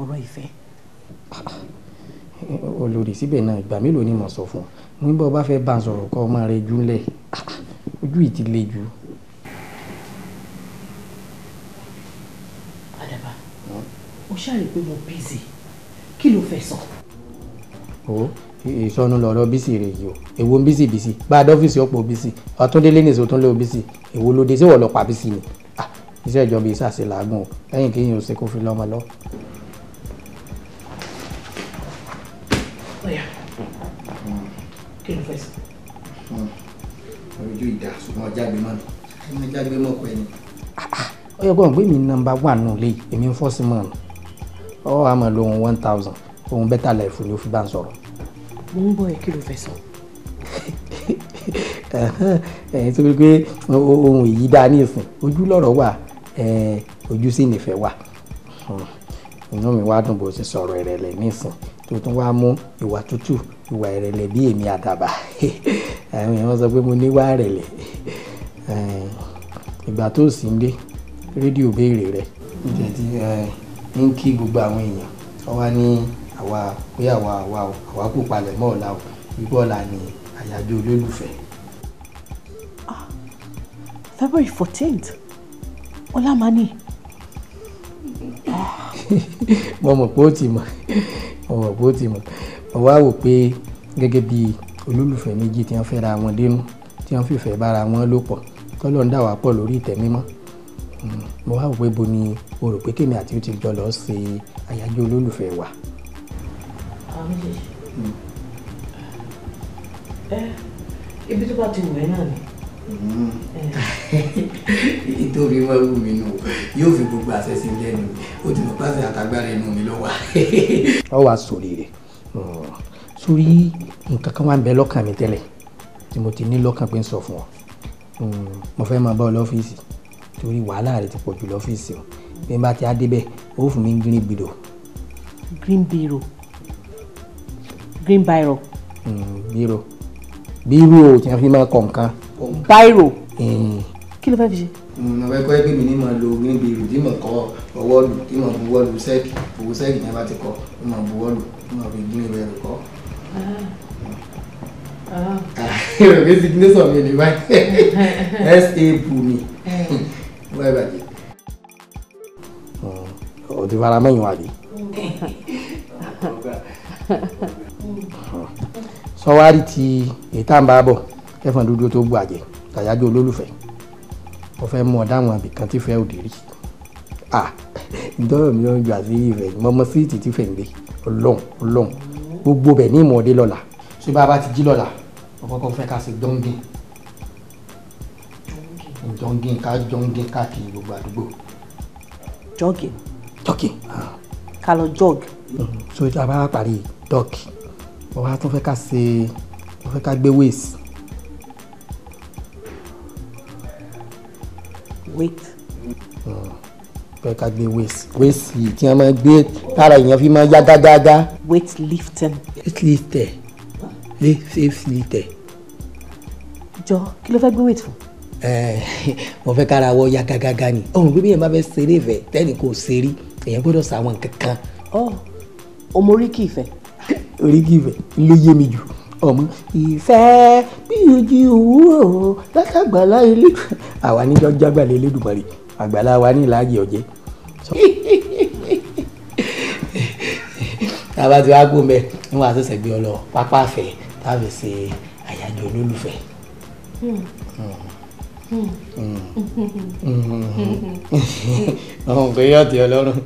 ọ̀rọ̀ ìfẹ́. olórí síbẹ̀ náà ìgbà mélòó ni mo sọ fún ọ mo ní bọ́ bá fẹ́ bá a sọ̀rọ̀ kọ́ ọmọ rẹ júlẹ̀ ojú ì ti le jù. àdàbà o ṣàlè pé mo bízì kí ló fẹ́ sọ. o ìsọnù lọ̀rọ̀ bísí rẹ̀ yìí o èwo bísí bísí bá a dọ́fíìsì ọ̀pọ̀ bísí ọ̀túndélé nìṣó tó ń lé o bísí èwo ló dé sí wọ́n lọ pa bísí ni ah, iṣẹ́ ìjọba ìṣàṣe làágùn o lẹ́yìn kéèyàn ò ṣe kó fi lọ́mọ lọ. ṣùgbọ́n ọjà gbé ni ọjà gbé pẹ́ ni. Ah, ah. ó yẹ kó n mi nọ́mbà one nù lé èmi ń fọ́ sí mọ́ ọ àmọ́ lóhun one thousand ohun bẹ́tà láìfù ni ó fi bá ń sọ̀rọ̀. mo ń bọ̀ ẹ́ kí ló fẹ́ sọ ẹ̀yìn tó wí ohun èyí dá ní ìsìn ojú lọ́rọ̀ wà ojú sì nífẹ̀ẹ́ wà hmm. inú mi wá dùn bó ṣe sọ̀rọ̀ ìrẹ̀lẹ̀ ní ìsìn tó tún wá mú ìwà tútù ìwà ìrẹ̀lẹ̀ bí èmi àdàbà àwọn èèyàn sọ pé mo níwà ìrẹ̀lẹ̀ ìgbà tó sì ń dé rédíò béèrè rẹ̀ ǹjẹ́ ti eh, ń kí gbogbo àwọn èèyàn ọwá ní àwa pé àwa àwa àwa kò palẹ̀ mọ́ ọ̀la o gbígbọ́ ọ̀la ni àyájọ́ olólùfẹ́. Ah, February fourteenth ọlá máa ní. mo mọ̀ pé ó ti mọ̀ ọmọ ògbó ti mọ̀ mo wá wò pé gẹ́gẹ́ bí olólùfẹ́ méjì tí wọ́n fẹ́ra wọn dénú tí wọ́n fìfẹ́ bára wọn lò pọ̀ tọ́lọ́run dà wá pọ̀ lórí ìtẹ́ mímọ́ hmm, mo wá wò pé bo ni o rò pé kémi àti o ti jọ lọ ṣe àyájọ́ olólùfẹ́ wa. Hmm. ibi tó bá ti wù ẹ́ náà ni. Mm. èyí tó fi wá wù mí nù yóò fi gbogbo àṣẹ sí lẹ́nu ó ti mọ̀ pàṣẹ àtàgbára ẹnu mi lọ́wọ́. ọ wàá sórí rẹ mm. sórí nǹkan kan wà ń bẹ lọ́kàn mi tẹ́lẹ̀ tí mo ti ní lọ́kàn pé ń sọ fún ọ mm. mo fẹ́ máa bá ọ lọ́fíìsì torí wàhálà rẹ ti pọ̀ jù lọ́fíìsì o bí n bá ti á débẹ̀ ó fún mi green biro. green biro green biro. biro biro tí wọ́n fi máa kọ nǹkan báírò mm. kí ló fẹ́ fi ṣe. Mm, mo fẹ́ kọ́ ẹgbẹ́ mi ní màá lo níbi èrò tí mo kọ́ ọwọ́ lù tí mo buwọ́ lu sẹ́ẹ̀kì owó sẹ́ẹ̀kì yẹn bá ti kọ́ tí mo buwọ́ lù tí mo fi gbé ìwé rẹ̀ kọ́. èrò pé signature mi ni báyìí sa bùnmi báyìí bàjẹ́. o ti fara mẹ́yìn wa bi. sọ wá rí ti ètà ń bá bọ̀ kẹfọn dúdú tó gbọ àjẹ tàyájọ olólùfẹ́ mo fẹ́ mú ọ dáwọn ibìkan tí fẹ́ òdì rí ah ìdọ́rọ̀ mi ló ń gbà sí ìfẹ́ mọmọ síìtì tí fẹ́ ń gbé ọlọ́run ọlọ́run gbogbo bẹ̀ ní ìmọ̀ọ́dé lọ́la ṣé bá a bá ti jí lọ́la ọkọ̀ọ̀kan fẹ́ ká ṣe dọ́ngìn jọ́ngìn ká jọ́ngìn káàkiri gbogbo àdúgbò. jọ́gìn. jọ́gìn. ká lọ jọ́g. so tí a bá parí dọ́ọ̀kì mo wá fẹ́ ká ṣe mo fẹ́ ká gbé wéèsì weight. pé ká gbé weight weight yìí tí wọ́n máa gbé tára èèyàn fi máa yá gágágá. weight lifting. weight Lifting. weight lifter. jọ kí ló fẹ́ gbé weight fún. mo fẹ́ kára wọ ya gágágá ni ọ̀hún gbé bí èèyàn bá fẹ́ ṣeré ìfẹ́ tẹ́nì kò ṣeré èèyàn gbọ́dọ̀ sàwọn kankan. ọ ọmọ oh, oríkì ìfẹ́. oríkì ìfẹ́ ló yé mi jù ọmọ ìfẹ́ bí ojú òwúrọ̀ látàgbàlá ilé àwa níjọ́ jágbàlẹ̀ Elédùmarè àgbàlá wa ní ìlàjì ọ̀jẹ́. tába tí wàá gbóhùn bẹ́ẹ̀ ni wàá sẹ̀sẹ̀ gbé ọ lọ pápá àfẹ́ táàbì ṣe àyájọ́ olólùfẹ́. ọmọ nǹkan yóò tẹ ọ lọ́rùn.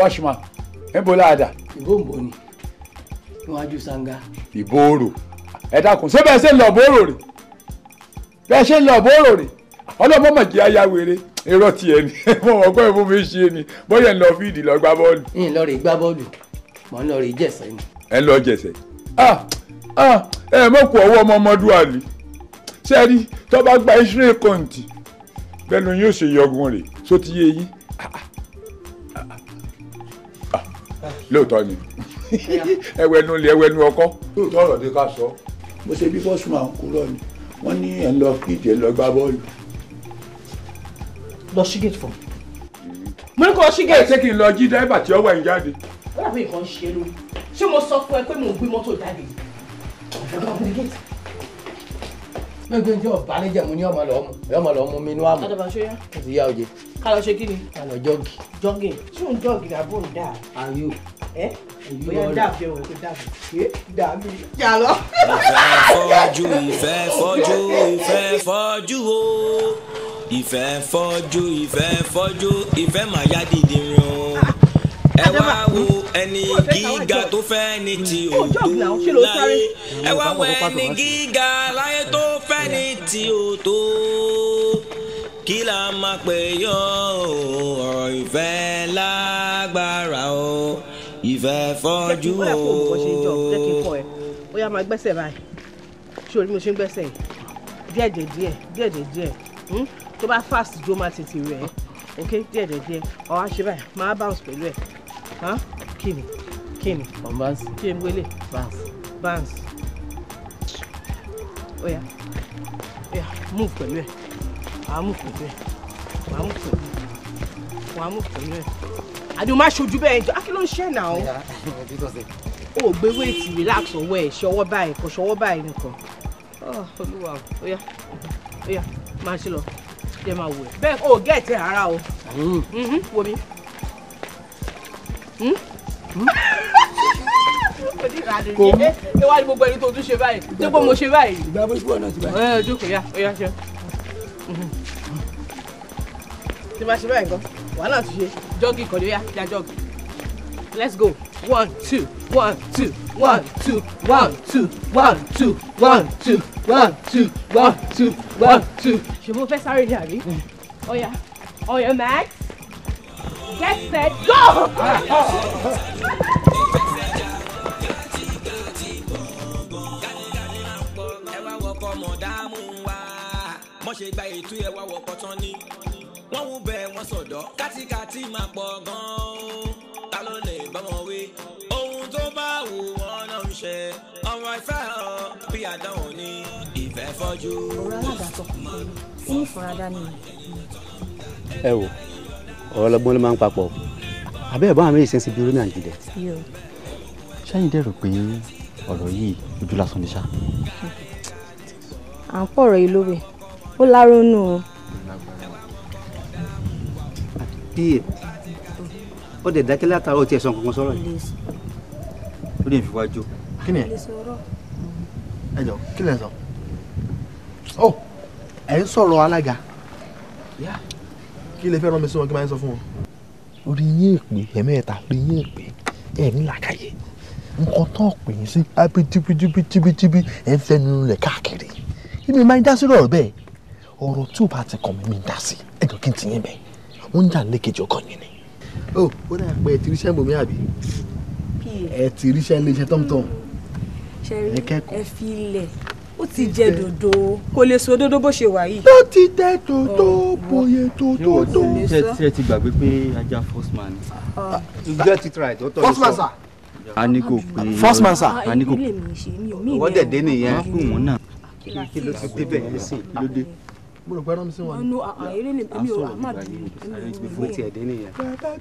Fọ́ṣùmá níbo láàdà. ìbòǹbò ni níwájú sanga. ìbòòrò ẹ dákun ṣé bẹ́ẹ̀ ṣe ń lọ bòòrò rè bẹ́ẹ̀ ṣe ń lọ bòòrò rè ọlọ́mọ mọ̀jì aya wèrè èrò tiẹ̀ ni mo mọ̀ pé mo fi ṣe ni bóyá ń lọ fíìdì lọ gbá bọ́ọ̀lù. ń lọ rè gbá bọ́ọ̀lù mọ̀ ń lọ rè jẹ̀sẹ̀ ni. ẹ ń lọ jẹ̀sẹ̀ ẹ mọ̀kù ọwọ́ ọmọ ọmọdúnwà ni ṣẹ́ẹ́rì tó gba ìṣúrẹ́ kọ́ǹtì bẹ́ẹ̀ ni yóò ṣe yọgun rè só ti lóòótọ́ ni ẹwẹ́nu lé ẹwẹ́nu ọkọ́ lóòótọ́ ọ̀rọ̀ ni ká sọ. mo ṣe bí fọ́sùn àwọn kúrọ̀ ni wọ́n ní ẹ̀ ń lọ kí ìjẹ́ lọ gbá bọ́ọ̀lù. lọ sí gate fún. Hmm. mo ní kó lọ sí gate. ẹ ṣé kí n lọ jí dáìbà tí ọwọ́ ẹ̀ ń jáde. ó dàbí nǹkan ṣe lórí ṣé mo sọ fún ẹ pé mo gbé mọ́tò jáde gbẹgbẹ tí ọba alẹjẹ mu ni ọmọ lọ mu ọmọ lọ mu mi ni wà mu. adaba ṣe yá. o ti yá o jẹ. ká lọ ṣe kí ni. ká lọ jọgì. jọgì tí òun jọgì làbó ayo ẹ eh? bóyá dàbí ẹwọ kó dàbí ké dàbí yà lọ. ìfẹ́ fọ́jú ìfẹ́ fọ́jú ìfẹ́ fọ́jú o ìfẹ́ fọ́jú ìfẹ́ fọ́jú ìfẹ́ mà yá dìde rìn o ẹ wá wo hmm. ẹni gíga tó fẹ́ ni hmm. ti òtó láyé hmm. ẹ wá wo ẹni gíga láyé tó fẹ́ ni ti òtó kí la máa pè yọ ọ̀rọ̀ ìfẹ́ lágbára ìfẹ́ fọ́jú o. ó máa gbẹ́sẹ̀ báyìí ṣé orí ṣe ń gbẹ́sẹ̀ yìí díẹ̀ díẹ̀ hmm? tó bá fast jó máa tètè rẹ̀ ok díẹ̀ díẹ̀ ṣe báyìí máa bounce pẹ̀lú ẹ̀ kí ni kí ni. kí ni wele. bounce bounce ó move pẹ̀lú ẹ̀ wàá move pẹ̀lú ẹ̀ wàá move pẹ̀lú ẹ̀ wàá move pẹ̀lú ẹ̀ àdùn má ṣojú bẹ́ẹ̀ jọ akí ló ń ṣe náà o ò gbé wéètì relax ọwọ́ ẹ̀ ṣe ọwọ́ báyìí kò ṣọwọ́ báyìí nìkan ah, olúwa ó yá ó yá máa ṣe lọ jẹ́ máa wò ẹ́ bẹ́ẹ̀ o gẹ̀ẹ́tì rárá o mm. mm-hmm, wo mi mm-hmm. kò mú. ẹ wá ní gbogbo ẹni tó tún ṣe báyìí ṣé kò mo ṣe báyìí. ìgbà bó ṣubú ọ̀nà ti báyìí. ẹ jókòó yá ó yá ṣe. tí mm-hmm. máa ṣe báyìí gan wàhálà tún ṣe jọ́gì kò níyà já jọ́gì let's go one two one two one two one two one two one two one two one two one two. ṣùgbọ́n fẹ́ sáré Oh yeah. Oh yeah, max get set go. mo ṣe gba ètò ẹwà wọ̀pọ̀ tán ni wọ́n wù bẹ́ẹ̀ wọ́n sọ̀dọ̀ kátikàti máa pọ̀ gan-an ta ló lè bá wọn wí. ohun tó bá wù wọ́n náà ń ṣe ọ̀rọ̀ ìfẹ́ hàn bí àdánwò ní ìfẹ́ fọ́jú. ọ̀rọ̀ aládàtọ̀ fún ìfúnradá ni. ẹ wo ọ̀rọ̀ ọlọ́gbọ́n ló máa ń papọ̀ àbẹ́ ẹ̀bọ́n àmì ìsẹ́nsì bí rónà jìnlẹ̀. sẹ́yìn dẹ̀rọ pé ọ̀rọ̀ yìí ojú lásán ni ṣá. à ń pọ̀ yìí lówe ó láronú o pa ó dẹ̀ dákẹ́ látàárọ̀ tí ẹ sọ nǹkan sọ̀rọ̀ yìí ó dẹ̀ fi wá jó. kí ni ẹ ẹ jọ kí lẹ sọ ọ ẹ ń sọ̀rọ̀ alága kí lẹ fẹ́ rán mi sí wọn kí máa ń sọ fún wọn. orí yín èpè ẹ̀mẹ́ta orí yín èpè ẹ̀ ní làkàyè nǹkan tán pè é sí abidibidibidibidi ẹ̀ ń fẹ́nu rẹ̀ káàkiri èmi máa ń dá sí ọ̀rọ̀ bẹ́ẹ̀ ọ̀rọ̀ tí ò bá ti kàn mí mi ń dá sí ẹ̀jọ̀ kí n ti yín bẹ́ẹ̀ wọ́n ń jà lékejì ọkàn yìí ni. ó oh, ó dà pé ẹ ríṣẹ́ bòmí àbí ẹ ríṣẹ́ iléeṣẹ́ tọ́mtọ́m. ṣe ẹ fi ilẹ̀ ó ti jẹ dòdò kò lè so dòdò bó ṣe wà yìí. ó ti jẹ dòdò bóyá dòdò. ṣé ẹ ti gbàgbé pé ajá first man. Ah, you get it right ọ̀tọ̀ ló sọ. first man sir first man sir a wọ́n dẹ̀ dé nìyẹn. wọ́n pè wọ́n náà ah, kí ló ti débẹ̀ yẹn sìn kí ló dé mo rò pé rán mi sí wọn. ọ̀nù àìrí ni èmi ò má dùn mí. mo ti ẹ̀dẹ́ nìyẹn. pa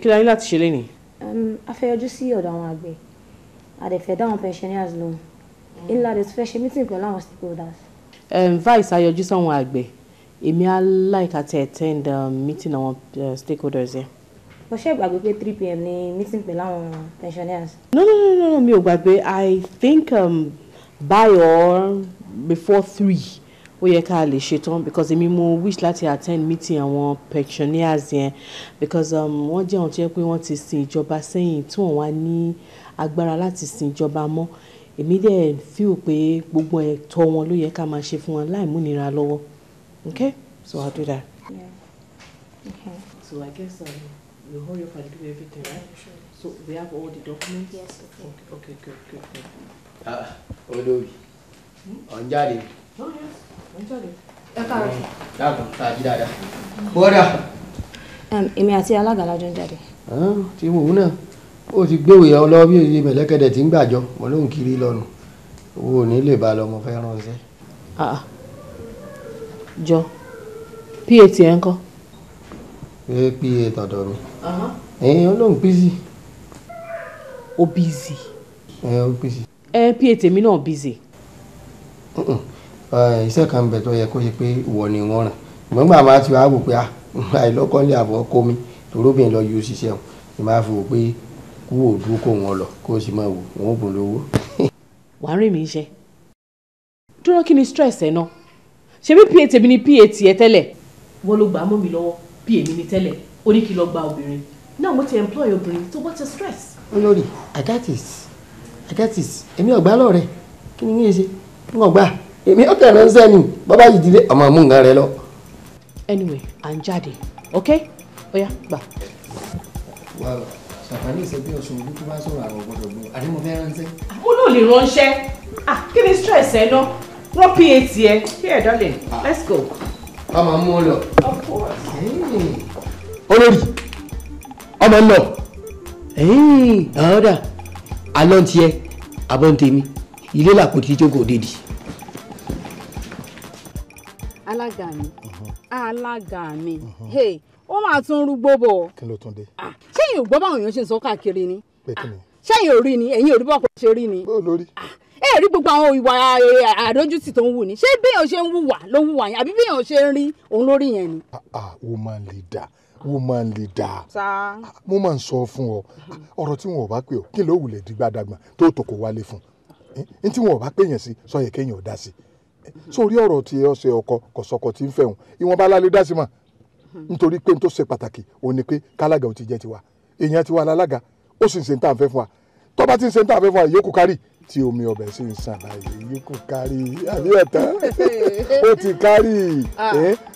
kí la ní láti ṣe lénìí. Um, a fẹ́ yọjú sí ọ̀dọ̀ àwọn àgbẹ̀ a dẹ̀ fẹ́ dáwọn pensioners lóhùn ńlá dẹ̀ tún fẹ́ ṣe meeting pẹ̀lú àwọn stakeholders. Um, vice ayọjú sáwọn àgbẹ̀ èmi á láìka tẹ̀ attend um, meeting àwọn uh, stakeholders yẹn. Yeah mo ṣe gbàgbé pé three pm ni meeting pẹ̀lú àwọn pensioners. no no no no mi ò gbàgbé i think um, by or before three ó yẹ ká lè ṣetán because èmi mo wish láti attend meeting àwọn pensioners yẹn because um, wọ́n jẹ́ àwọn tó yẹ pé wọ́n ti sin ìjọba sẹ́yìn tí wọ́n wá ní agbára láti sin ìjọba mọ́ èmi dẹ̀ feel pé gbogbo ẹ̀tọ́ wọn ló yẹ ká máa ṣe fún wọn láì múnira lọ́wọ́ okay so I do that. Yeah. Okay. so I guess. Um, you hold your and do everything, right? Sure. So we have all the documents? Yes, okay. Okay, okay good, good, good. Ah, Olórí. Hmm? Ọ̀n jáde. Oh, yes. Ọ̀n jáde. Ẹ káàárọ̀. Hmm, dáàbò, tàbí dáadáa. Bọ́dà. Èmi àti alága lájọ ń jáde. Ti wò ó náà, ó ti gbéwò ìyá ọlọ́wọ́ bí èyí mẹ̀lẹ́kẹ̀dẹ̀ ti ń gbàjọ, mo ló ń kiri lọ́nu. Owó ò ní lè ba lọ, mo fẹ́ ránṣẹ́. Ah, ah. Jọ, PAT ẹ̀ ń kọ́ pé pa tọ̀dọ̀ mi ẹ̀yin olóhùn bízì. ó bízì. ẹ ó bízì. ẹ pa tèmi náà bízì. iṣẹ́ kan bẹ̀ tó yẹ kó ṣe pé ìwọ ni wọ́n ràn ìmọ̀ nígbà máa ti wá wò pé ah, àìlọ́kọ́lé àbọ̀ kó mi tòróbìnrin lọ yóò ṣiṣẹ́ o ìmọ̀ àfi wò pé kú òdu kó wọn lọ kó o sì máa wò wọn ò bùn lówó. wàá rí mi iṣẹ́ dúró kí ni stress ẹ̀ náà ṣebí pa tèmi ni pa tiẹ̀ tẹ́lẹ̀ wọ́n ló gbà á mọ́ mi lọ́wọ́ bí èmi ni tẹ́lẹ̀ ó ní kí lọ gba obìnrin náà mo ti employ obìnrin so what's your stress. olórí i got it i got it èmi ọ̀gbá lọ́rẹ̀ kí ni yín ṣe kí wọ́n gbà èmi ọ̀kẹ́ ránṣẹ́ ni bàbá yìí dílé ọmọ mú nǹkan rẹ lọ. anyway à ń jáde ok oya gbà. wà á ṣàfàní ìṣẹ́bí ọ̀sùn ojú tó bá sọ̀rọ̀ àwọn ọ̀gbọ́dọ̀ gbọ́ àní mo fẹ́ ránṣẹ́. Ah, mo náà lè ránṣẹ́ ah kí ni stress ẹ náà rọ́pì etí ẹ here darling ah. let's go ká máa mú ọ lọ. olórí ọmọ ń lọ ọ̀dà àlọ́ ń tiẹ̀ àbọ̀ ń tèmi ilé làpò tí jókòó dédì. alága mi uh-huh. alága mi uh-huh. ó máa tún rúgbó bọ̀. kí ló tún dé. ṣé èyàn ò gbọ́ báwọn èèyàn ṣe ń sọ káàkiri ni ṣé èyàn ò rí ni ẹ̀yin ò rí bọ́ọ̀kọ̀ ṣe rí ni. bó o lórí ẹ rí gbogbo àwọn ìwà eh, àdójútì tó ń wù ni ṣé béèyàn ṣe ń wùwà ló ń wùwà yẹn àbí béèyàn ṣe ń rí òun lórí yẹn ni. Ah, ah, woman leader woman leader mo máa ń sọ fún ọ ọ̀rọ̀ tí wọn ò bá pè ọ kí ló wulẹ̀ dìgbà dàgbà tó tòkò wálé fún un eh, tí wọn ò bá pè yẹn sí sọ yẹ kéèyàn dá sí eh, sórí ọ̀rọ̀ tí ọ ṣe ọkọ kọ̀sọ́kọ tí ń fẹ̀hùn ìwọ̀nba alálẹ́ dá sí mà nítorí pé n tó ṣe pàtàkì òun ni pé kálága ò ti jẹ́ tiwa èèyàn tiwa lálága ó sì ń ṣe ń tà ń fẹ́ fún wa tó bá ti ń ṣe ń tà ń fẹ́ fún wa ìyókù kárì tí omi ọbẹ̀ sì ń sàn báyìí yìí kò kárí àbí ẹ̀tàn ó ti kárí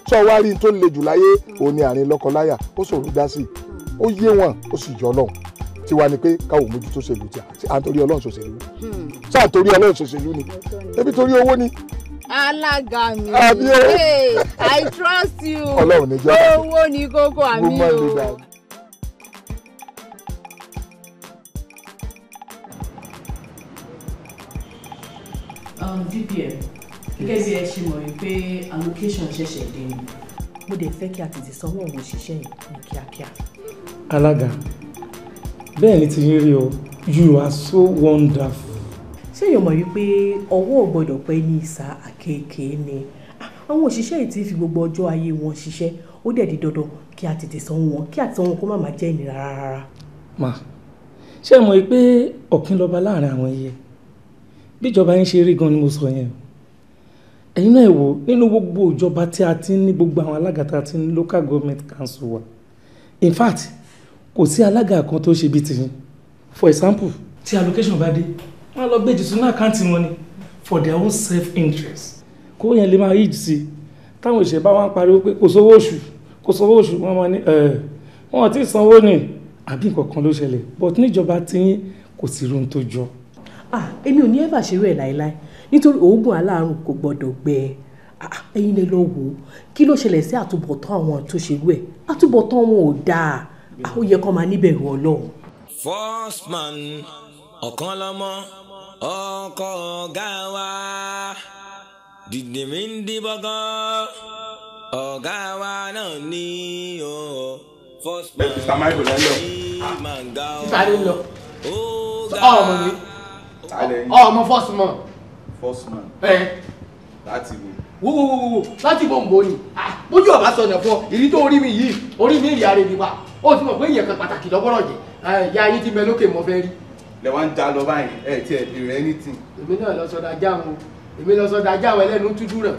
sọ ah. wá rí tó le jù láyé òun ni àárín lọ́kọláyà ó ṣòro dá sí ó yé wọn ó sì yọ ọlọ́run ti wá ni pé káwọn mójútó ṣèlú tí a torí ọlọ́run ṣòṣèlú hmm. ṣá torí ọlọ́run ṣòṣèlú ni ebi torí owó ni. alága mi hey i trust you owó ni kókó àmì o. dpm gẹ́gẹ́ bí ẹ ṣe mọ̀ wípé allocation ṣẹ̀ṣẹ̀ dé ni mo dẹ̀ fẹ́ kí a tètè sanwó àwọn òṣìṣẹ́ yìí ní kíákíá. alága bẹ́ẹ̀ ni ti yín rí o you are so wonderful. ṣé èèyàn mọ̀ wípé ọwọ́ ò gbọ́dọ̀ pẹ́ ní ìsà àkekèé ni ah, àwọn òṣìṣẹ́ yìí ti fi gbogbo ọjọ́ ayé wọn ṣiṣẹ́ ó dẹ̀ di dandan kí a tètè sanwó wọn kí àti sanwó kó má máa jẹ́ ìnira rárá. mà ṣé ẹ mọ̀ pé ọ̀kín lọ́ba láàrin àwọn ẹyẹ bíjọba yín ṣe rí gan ni mo sọ yẹn ẹ̀yin náà ẹ wò nínú gbogbo ìjọba tí a ti ní gbogbo àwọn alága tá a ti ní local government council wa in fact kò sí alága kan tó ṣe bíi tìyín for example tí allocation bá dé wọ́n lọ gbèjì sínú àkáǹtì wọn ni for their own self interest kó yẹn lè máa yíjì sí táwọn ìṣẹ̀bá wa ń pariwo pé kò sówó oṣù kò sówó oṣù wọ́n máa ní wọ́n ti sanwó ni àbí nǹkan kan ló ṣẹlẹ̀ but níjọba tiyín kò sí irun tó jọ ah èmi ò ní ever ṣerú ẹ̀ láéláé nítorí oògùn aláàrùn kò gbọ́dọ̀ gbẹ ah ẹ̀yin lè lọ wò ó kí ló ṣẹlẹ̀ sí àtúbọ̀tán àwọn tó ṣerú ẹ̀ àtúbọ̀tán wọn ò dáa ó yẹ kó máa níbẹ̀rù ọlọ́run. first man ọ̀kan lọ́mọ ọkọ̀ ọ̀gá wa dìde mi ń dìbọ̀gán ọ̀gá wa náà ní o. first man ọ̀gá wa náà ní o. ọ̀gá wa náà ní o ọmọ oh, first man. first man. ẹ. Eh? láti wo. wo wo wo wo láti bọ̀ ń bo ni ah, bójú ọ̀bá sọ̀nà fún ọ ìrí tó orí mi yìí orí mi ìyá rẹ̀ nípa ó ti mọ̀ pé ìyẹn kan pàtàkì lọ́gbọ́rọ̀ jẹ eh, ìyá yín ti mẹ lókè mọ́ fẹ́ rí. lẹ wá ń ja lọ báyìí ẹ tiẹ̀ bèrè anything. èmi náà lọ sọdá já wọn èmi lọ sọdá já wọn ẹlẹ́nu túdú rẹ̀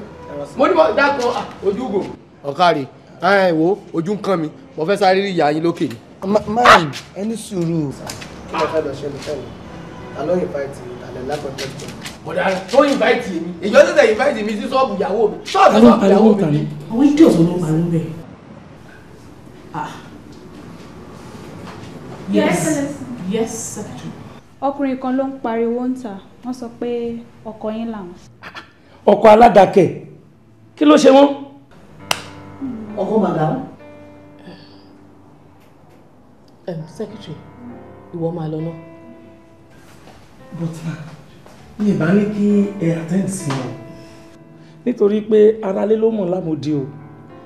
mo ní bọ́ dákun ah, ojúgo. ọ̀kàrẹ̀ ẹ̀ wo ojú ń kàn mi mo fẹ́ sáré rí ìyá yín lókè ni. máa ah! ẹni sùúrù. kí ló fẹ́ lọ ṣẹlẹ̀ fẹ́ lọ. I ló invite you. But I don't invite you èyí ó tètè invite me, mi sí ṣọ́ọ̀bù ìyàwó mi ṣọ́ọ̀bù ìyàwó mi. àwọn ìdíò tó ló ń parí bẹ́ẹ̀. Ah. yes yes secretary. ọkùnrin kan ló ń pariwo ń ta wọ́n sọ pé ọkọ yín làwọn. ọkọ aládàkẹ́ kí ló ṣe wọ́n. ọkọ màdàmú. secretary ìwọ máa lọ náà but uh, mi ìbá ní kí ẹ attend sí wọn. nítorí pé aráalé ló mọ̀ lámòdì o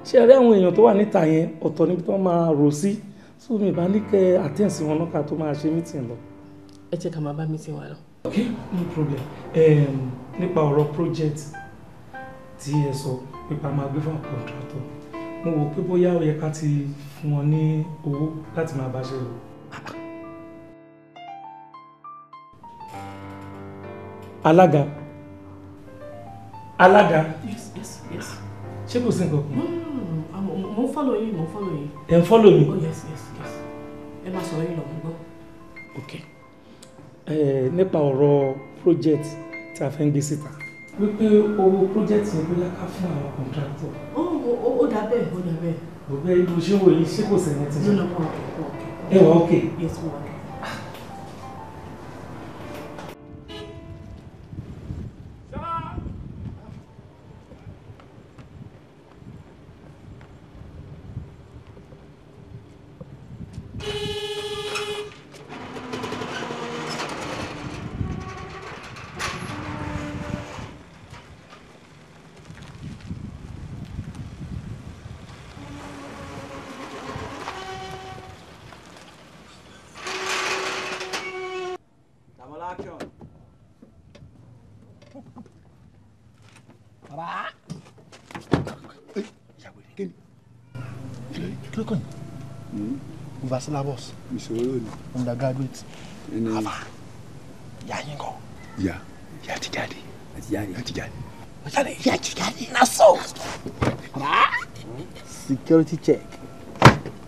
ṣé ẹ rí àwọn èèyàn tó wà níta yẹn ọ̀tọ̀ níbi tó máa rò sí so mi ìbá ní kẹ attend sí wọn náà ká tó máa ṣe meeting lọ. ẹ jẹ́ ká máa bá meeting wa lọ. ok no problem um, nípa ọ̀rọ̀ project tí ẹ sọ pípa máa gbé fún contractor mo wò pé bóyá ó yẹ ká ti fún wọn ní owó láti máa bá ṣe lò. alága alága. yes yes yes. ṣé kò sí nǹkan kan. Ah, mo ń fọ́lọ̀ yín mo ń fọ́lọ̀ yín. ẹ̀ ń fọ́lọ̀ mi. oh yes yes yes ẹ máa sọ̀rọ̀ yín lọ gbọ́. ok nípa ọ̀rọ̀ project tí a fẹ́ ń gbé síta. wípé owó project yẹn bóyá ká fún àwọn contractor. ó dà bẹ́ẹ̀ ó dà bẹ́ẹ̀. òbẹ́ ibi iṣẹ́ wo yìí ṣé kò sẹ́yìn ti. ẹ wà ok. yes wà ok. gba syllabus. ìṣòro ni. undergraduate. àfà ìyá yín kọ. ìyá ìyá ti jáde. àti jáde. àti jáde. jáde ìyá na so. security check.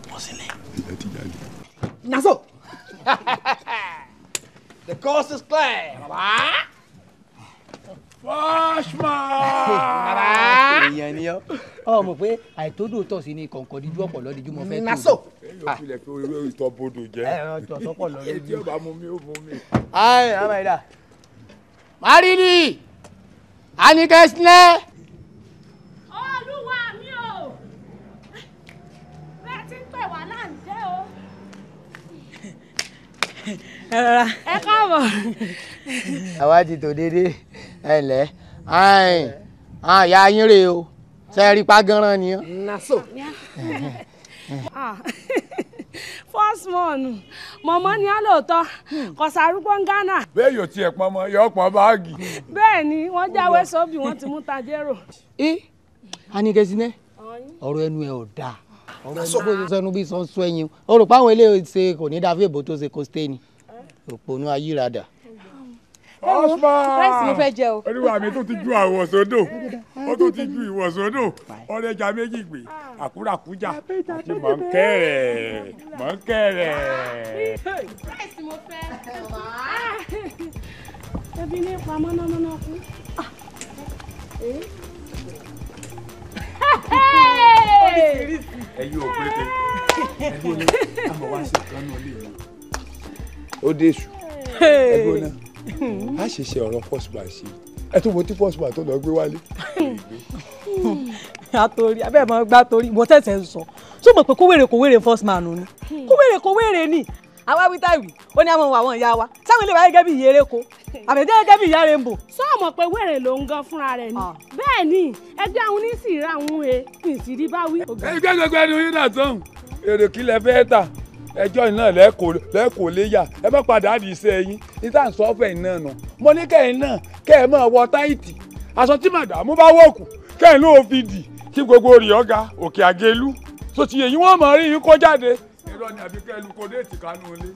wọ́n sílẹ̀. ìyá ti jáde. na so. the course is clear. baba. Fọ́ṣmọ̀. èèyàn ni ọ ọ mọ̀ pé àìtódò tọ̀ sí ni kọ̀ǹkọ̀ díjú ọ̀pọ̀ lọ́díjú mọ́ fẹ́ tó. na yóò filẹ̀ pé orí ìtọ́ bodò jẹ́ etí ọba mú mi ó mú mi. ayi ọmọ ìdá marini olúwa mi o bẹ́ẹ̀ ti ń pè wá náà ń jẹ́ o. ẹ rọra ẹ káàbọ̀. àwa ti tò déédéé ẹ ǹlẹ́ ayin ayin ya yín o ṣe é rí pa ni. naso. Ah. first month mọ̀mọ́ ni á lóòótọ́ hmm. kọ̀sárúgbó ń gánà. bẹ́ẹ̀ yóò tiẹ̀ pọn mọ́ yọ pọn báàgì. bẹ́ẹ̀ ni wọ́n jáwé sóbì wọ́n ti mú tajérò. ẹ anigẹsinẹ ọ̀rọ̀ ẹnu ẹ ò dáa ọ̀rọ̀ ẹnu bó ṣe sọ ẹnu bí sọ sọ ẹyin o rò pé àwọn eléyìí ṣe kò ní dáa fún èbó tó ṣe kó stay ni eh? òpònú ayírada. Osman rice mo fẹ́ jẹ o. olúwa mi tó ti ju àwọn sódò ó tó ti ju ìwọ̀ sódò ọ̀rẹ́jà méjì gbé àkúràkújà àti mọ̀ńkẹ́rẹ̀ mọ̀ńkẹ́rẹ̀. rice mo fẹ́ ebi ní ipa mọ́nàmọ́ná kú. ẹ yí òpété ẹ gbóná àmọ́ wá sí ìkànnì olè ó dé èṣù ẹ gbóná a ṣe ṣe ọ̀rọ̀ first man ṣe ẹ tó mo tí first man tó lọ gbé wálé. àtòrí abẹ́ẹ̀ máa gbá torí ìwọ tẹ̀sẹ̀ ń sọ tó mọ̀ pé kó wèrè kó wèrè first man ni kó wèrè kó wèrè ni àwa wí táwì ó ní àwọn ohun àwọn ìyá wa sáwọn ilé wa gẹ́gẹ́ bí ìyèrè ko àbẹ̀jẹ́ gẹ́gẹ́ bí ìyá rẹ̀ ń bò. sọ́ọ̀mọ̀ pé wèrè ló ń gan fúnra rẹ̀ ni ah. bẹ́ẹ̀ ni ẹgbẹ́ àwọn oníṣìírí àwọn ohun èèpì sí rí bá wí. ẹgbẹ́ gbẹgbẹ́ ni yín dà sóhùn èrè kí lẹ fẹ́ tà ẹjọ́ náà lẹ́kọ̀ọ́ léyà ẹ bá padà di iṣẹ́ yín níta sọ́fẹ̀ náà nà mo ní kẹ́yìn náà kẹ́yìn máa wọ táìtì aṣọ tí màdàmú bá wọ̀kù kẹ́yìn ló fi dì kí gbogbo rì ọ̀gá òkè àgélú so ti èyí wọ́n mọ̀ rí yín kó jáde. irọ́ ni àbíkẹ́ lu kó déètì kánú ilé.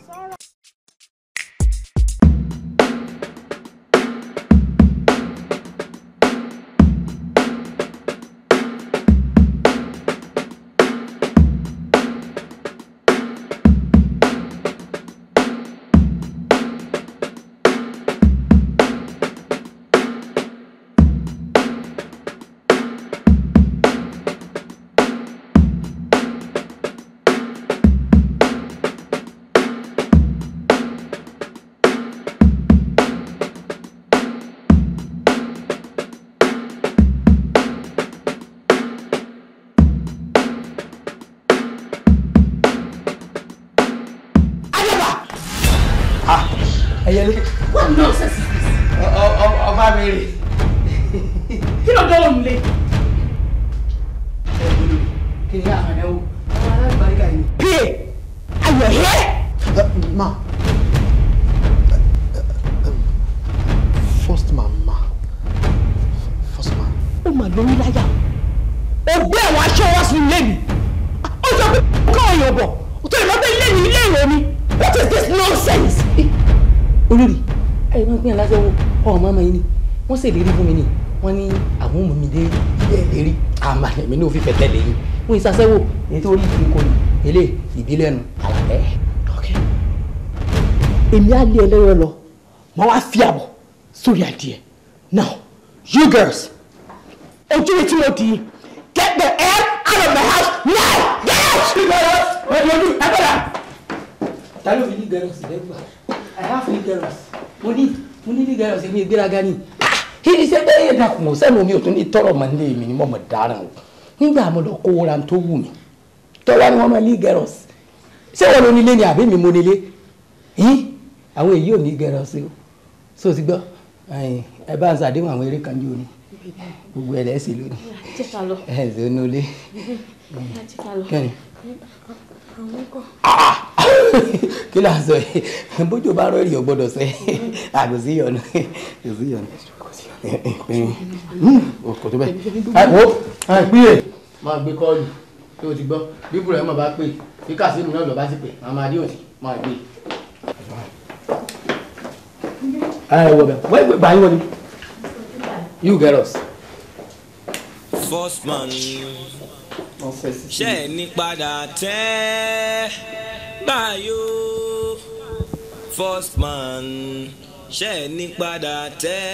tọrọ mọ nílé mi ni mo mọ dáràn o nígbà mo lọ kó ra tó wù mí tọ́wọ́ ni wọ́n mọ ní gẹ̀rọ̀s ṣé wọn ló nílé ni àbí mi mo nílé yín àwọn èyí ò ní gẹ̀rọ̀s o so ti gbọ́ ẹ bá ń sàdéhùn àwọn eré kan jóni gbogbo ẹ̀ lẹ́sìn lónìí ẹ̀ ṣe ní olé kẹ́ni kí ah, ló ń sọ yìí bójú bá rọ èrè ọgbọdọ sẹ àgùsí yọnu àgùsí yọnu you get us. first man ṣe é ní padà tẹ́ báyò first man ṣe é ní padà tẹ́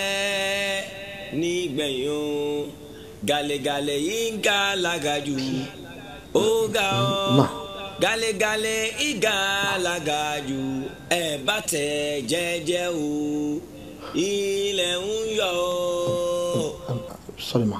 nígbẹ̀yìn o gàlẹ́gàlẹ́ yìí ń ga làgàjù ó ga ọ́ gàlẹ́gàlẹ́ ìgà làgàjù ẹ̀ bá tẹ̀ jẹ́jẹ́ o ilẹ̀ ń yọ. sorry ma.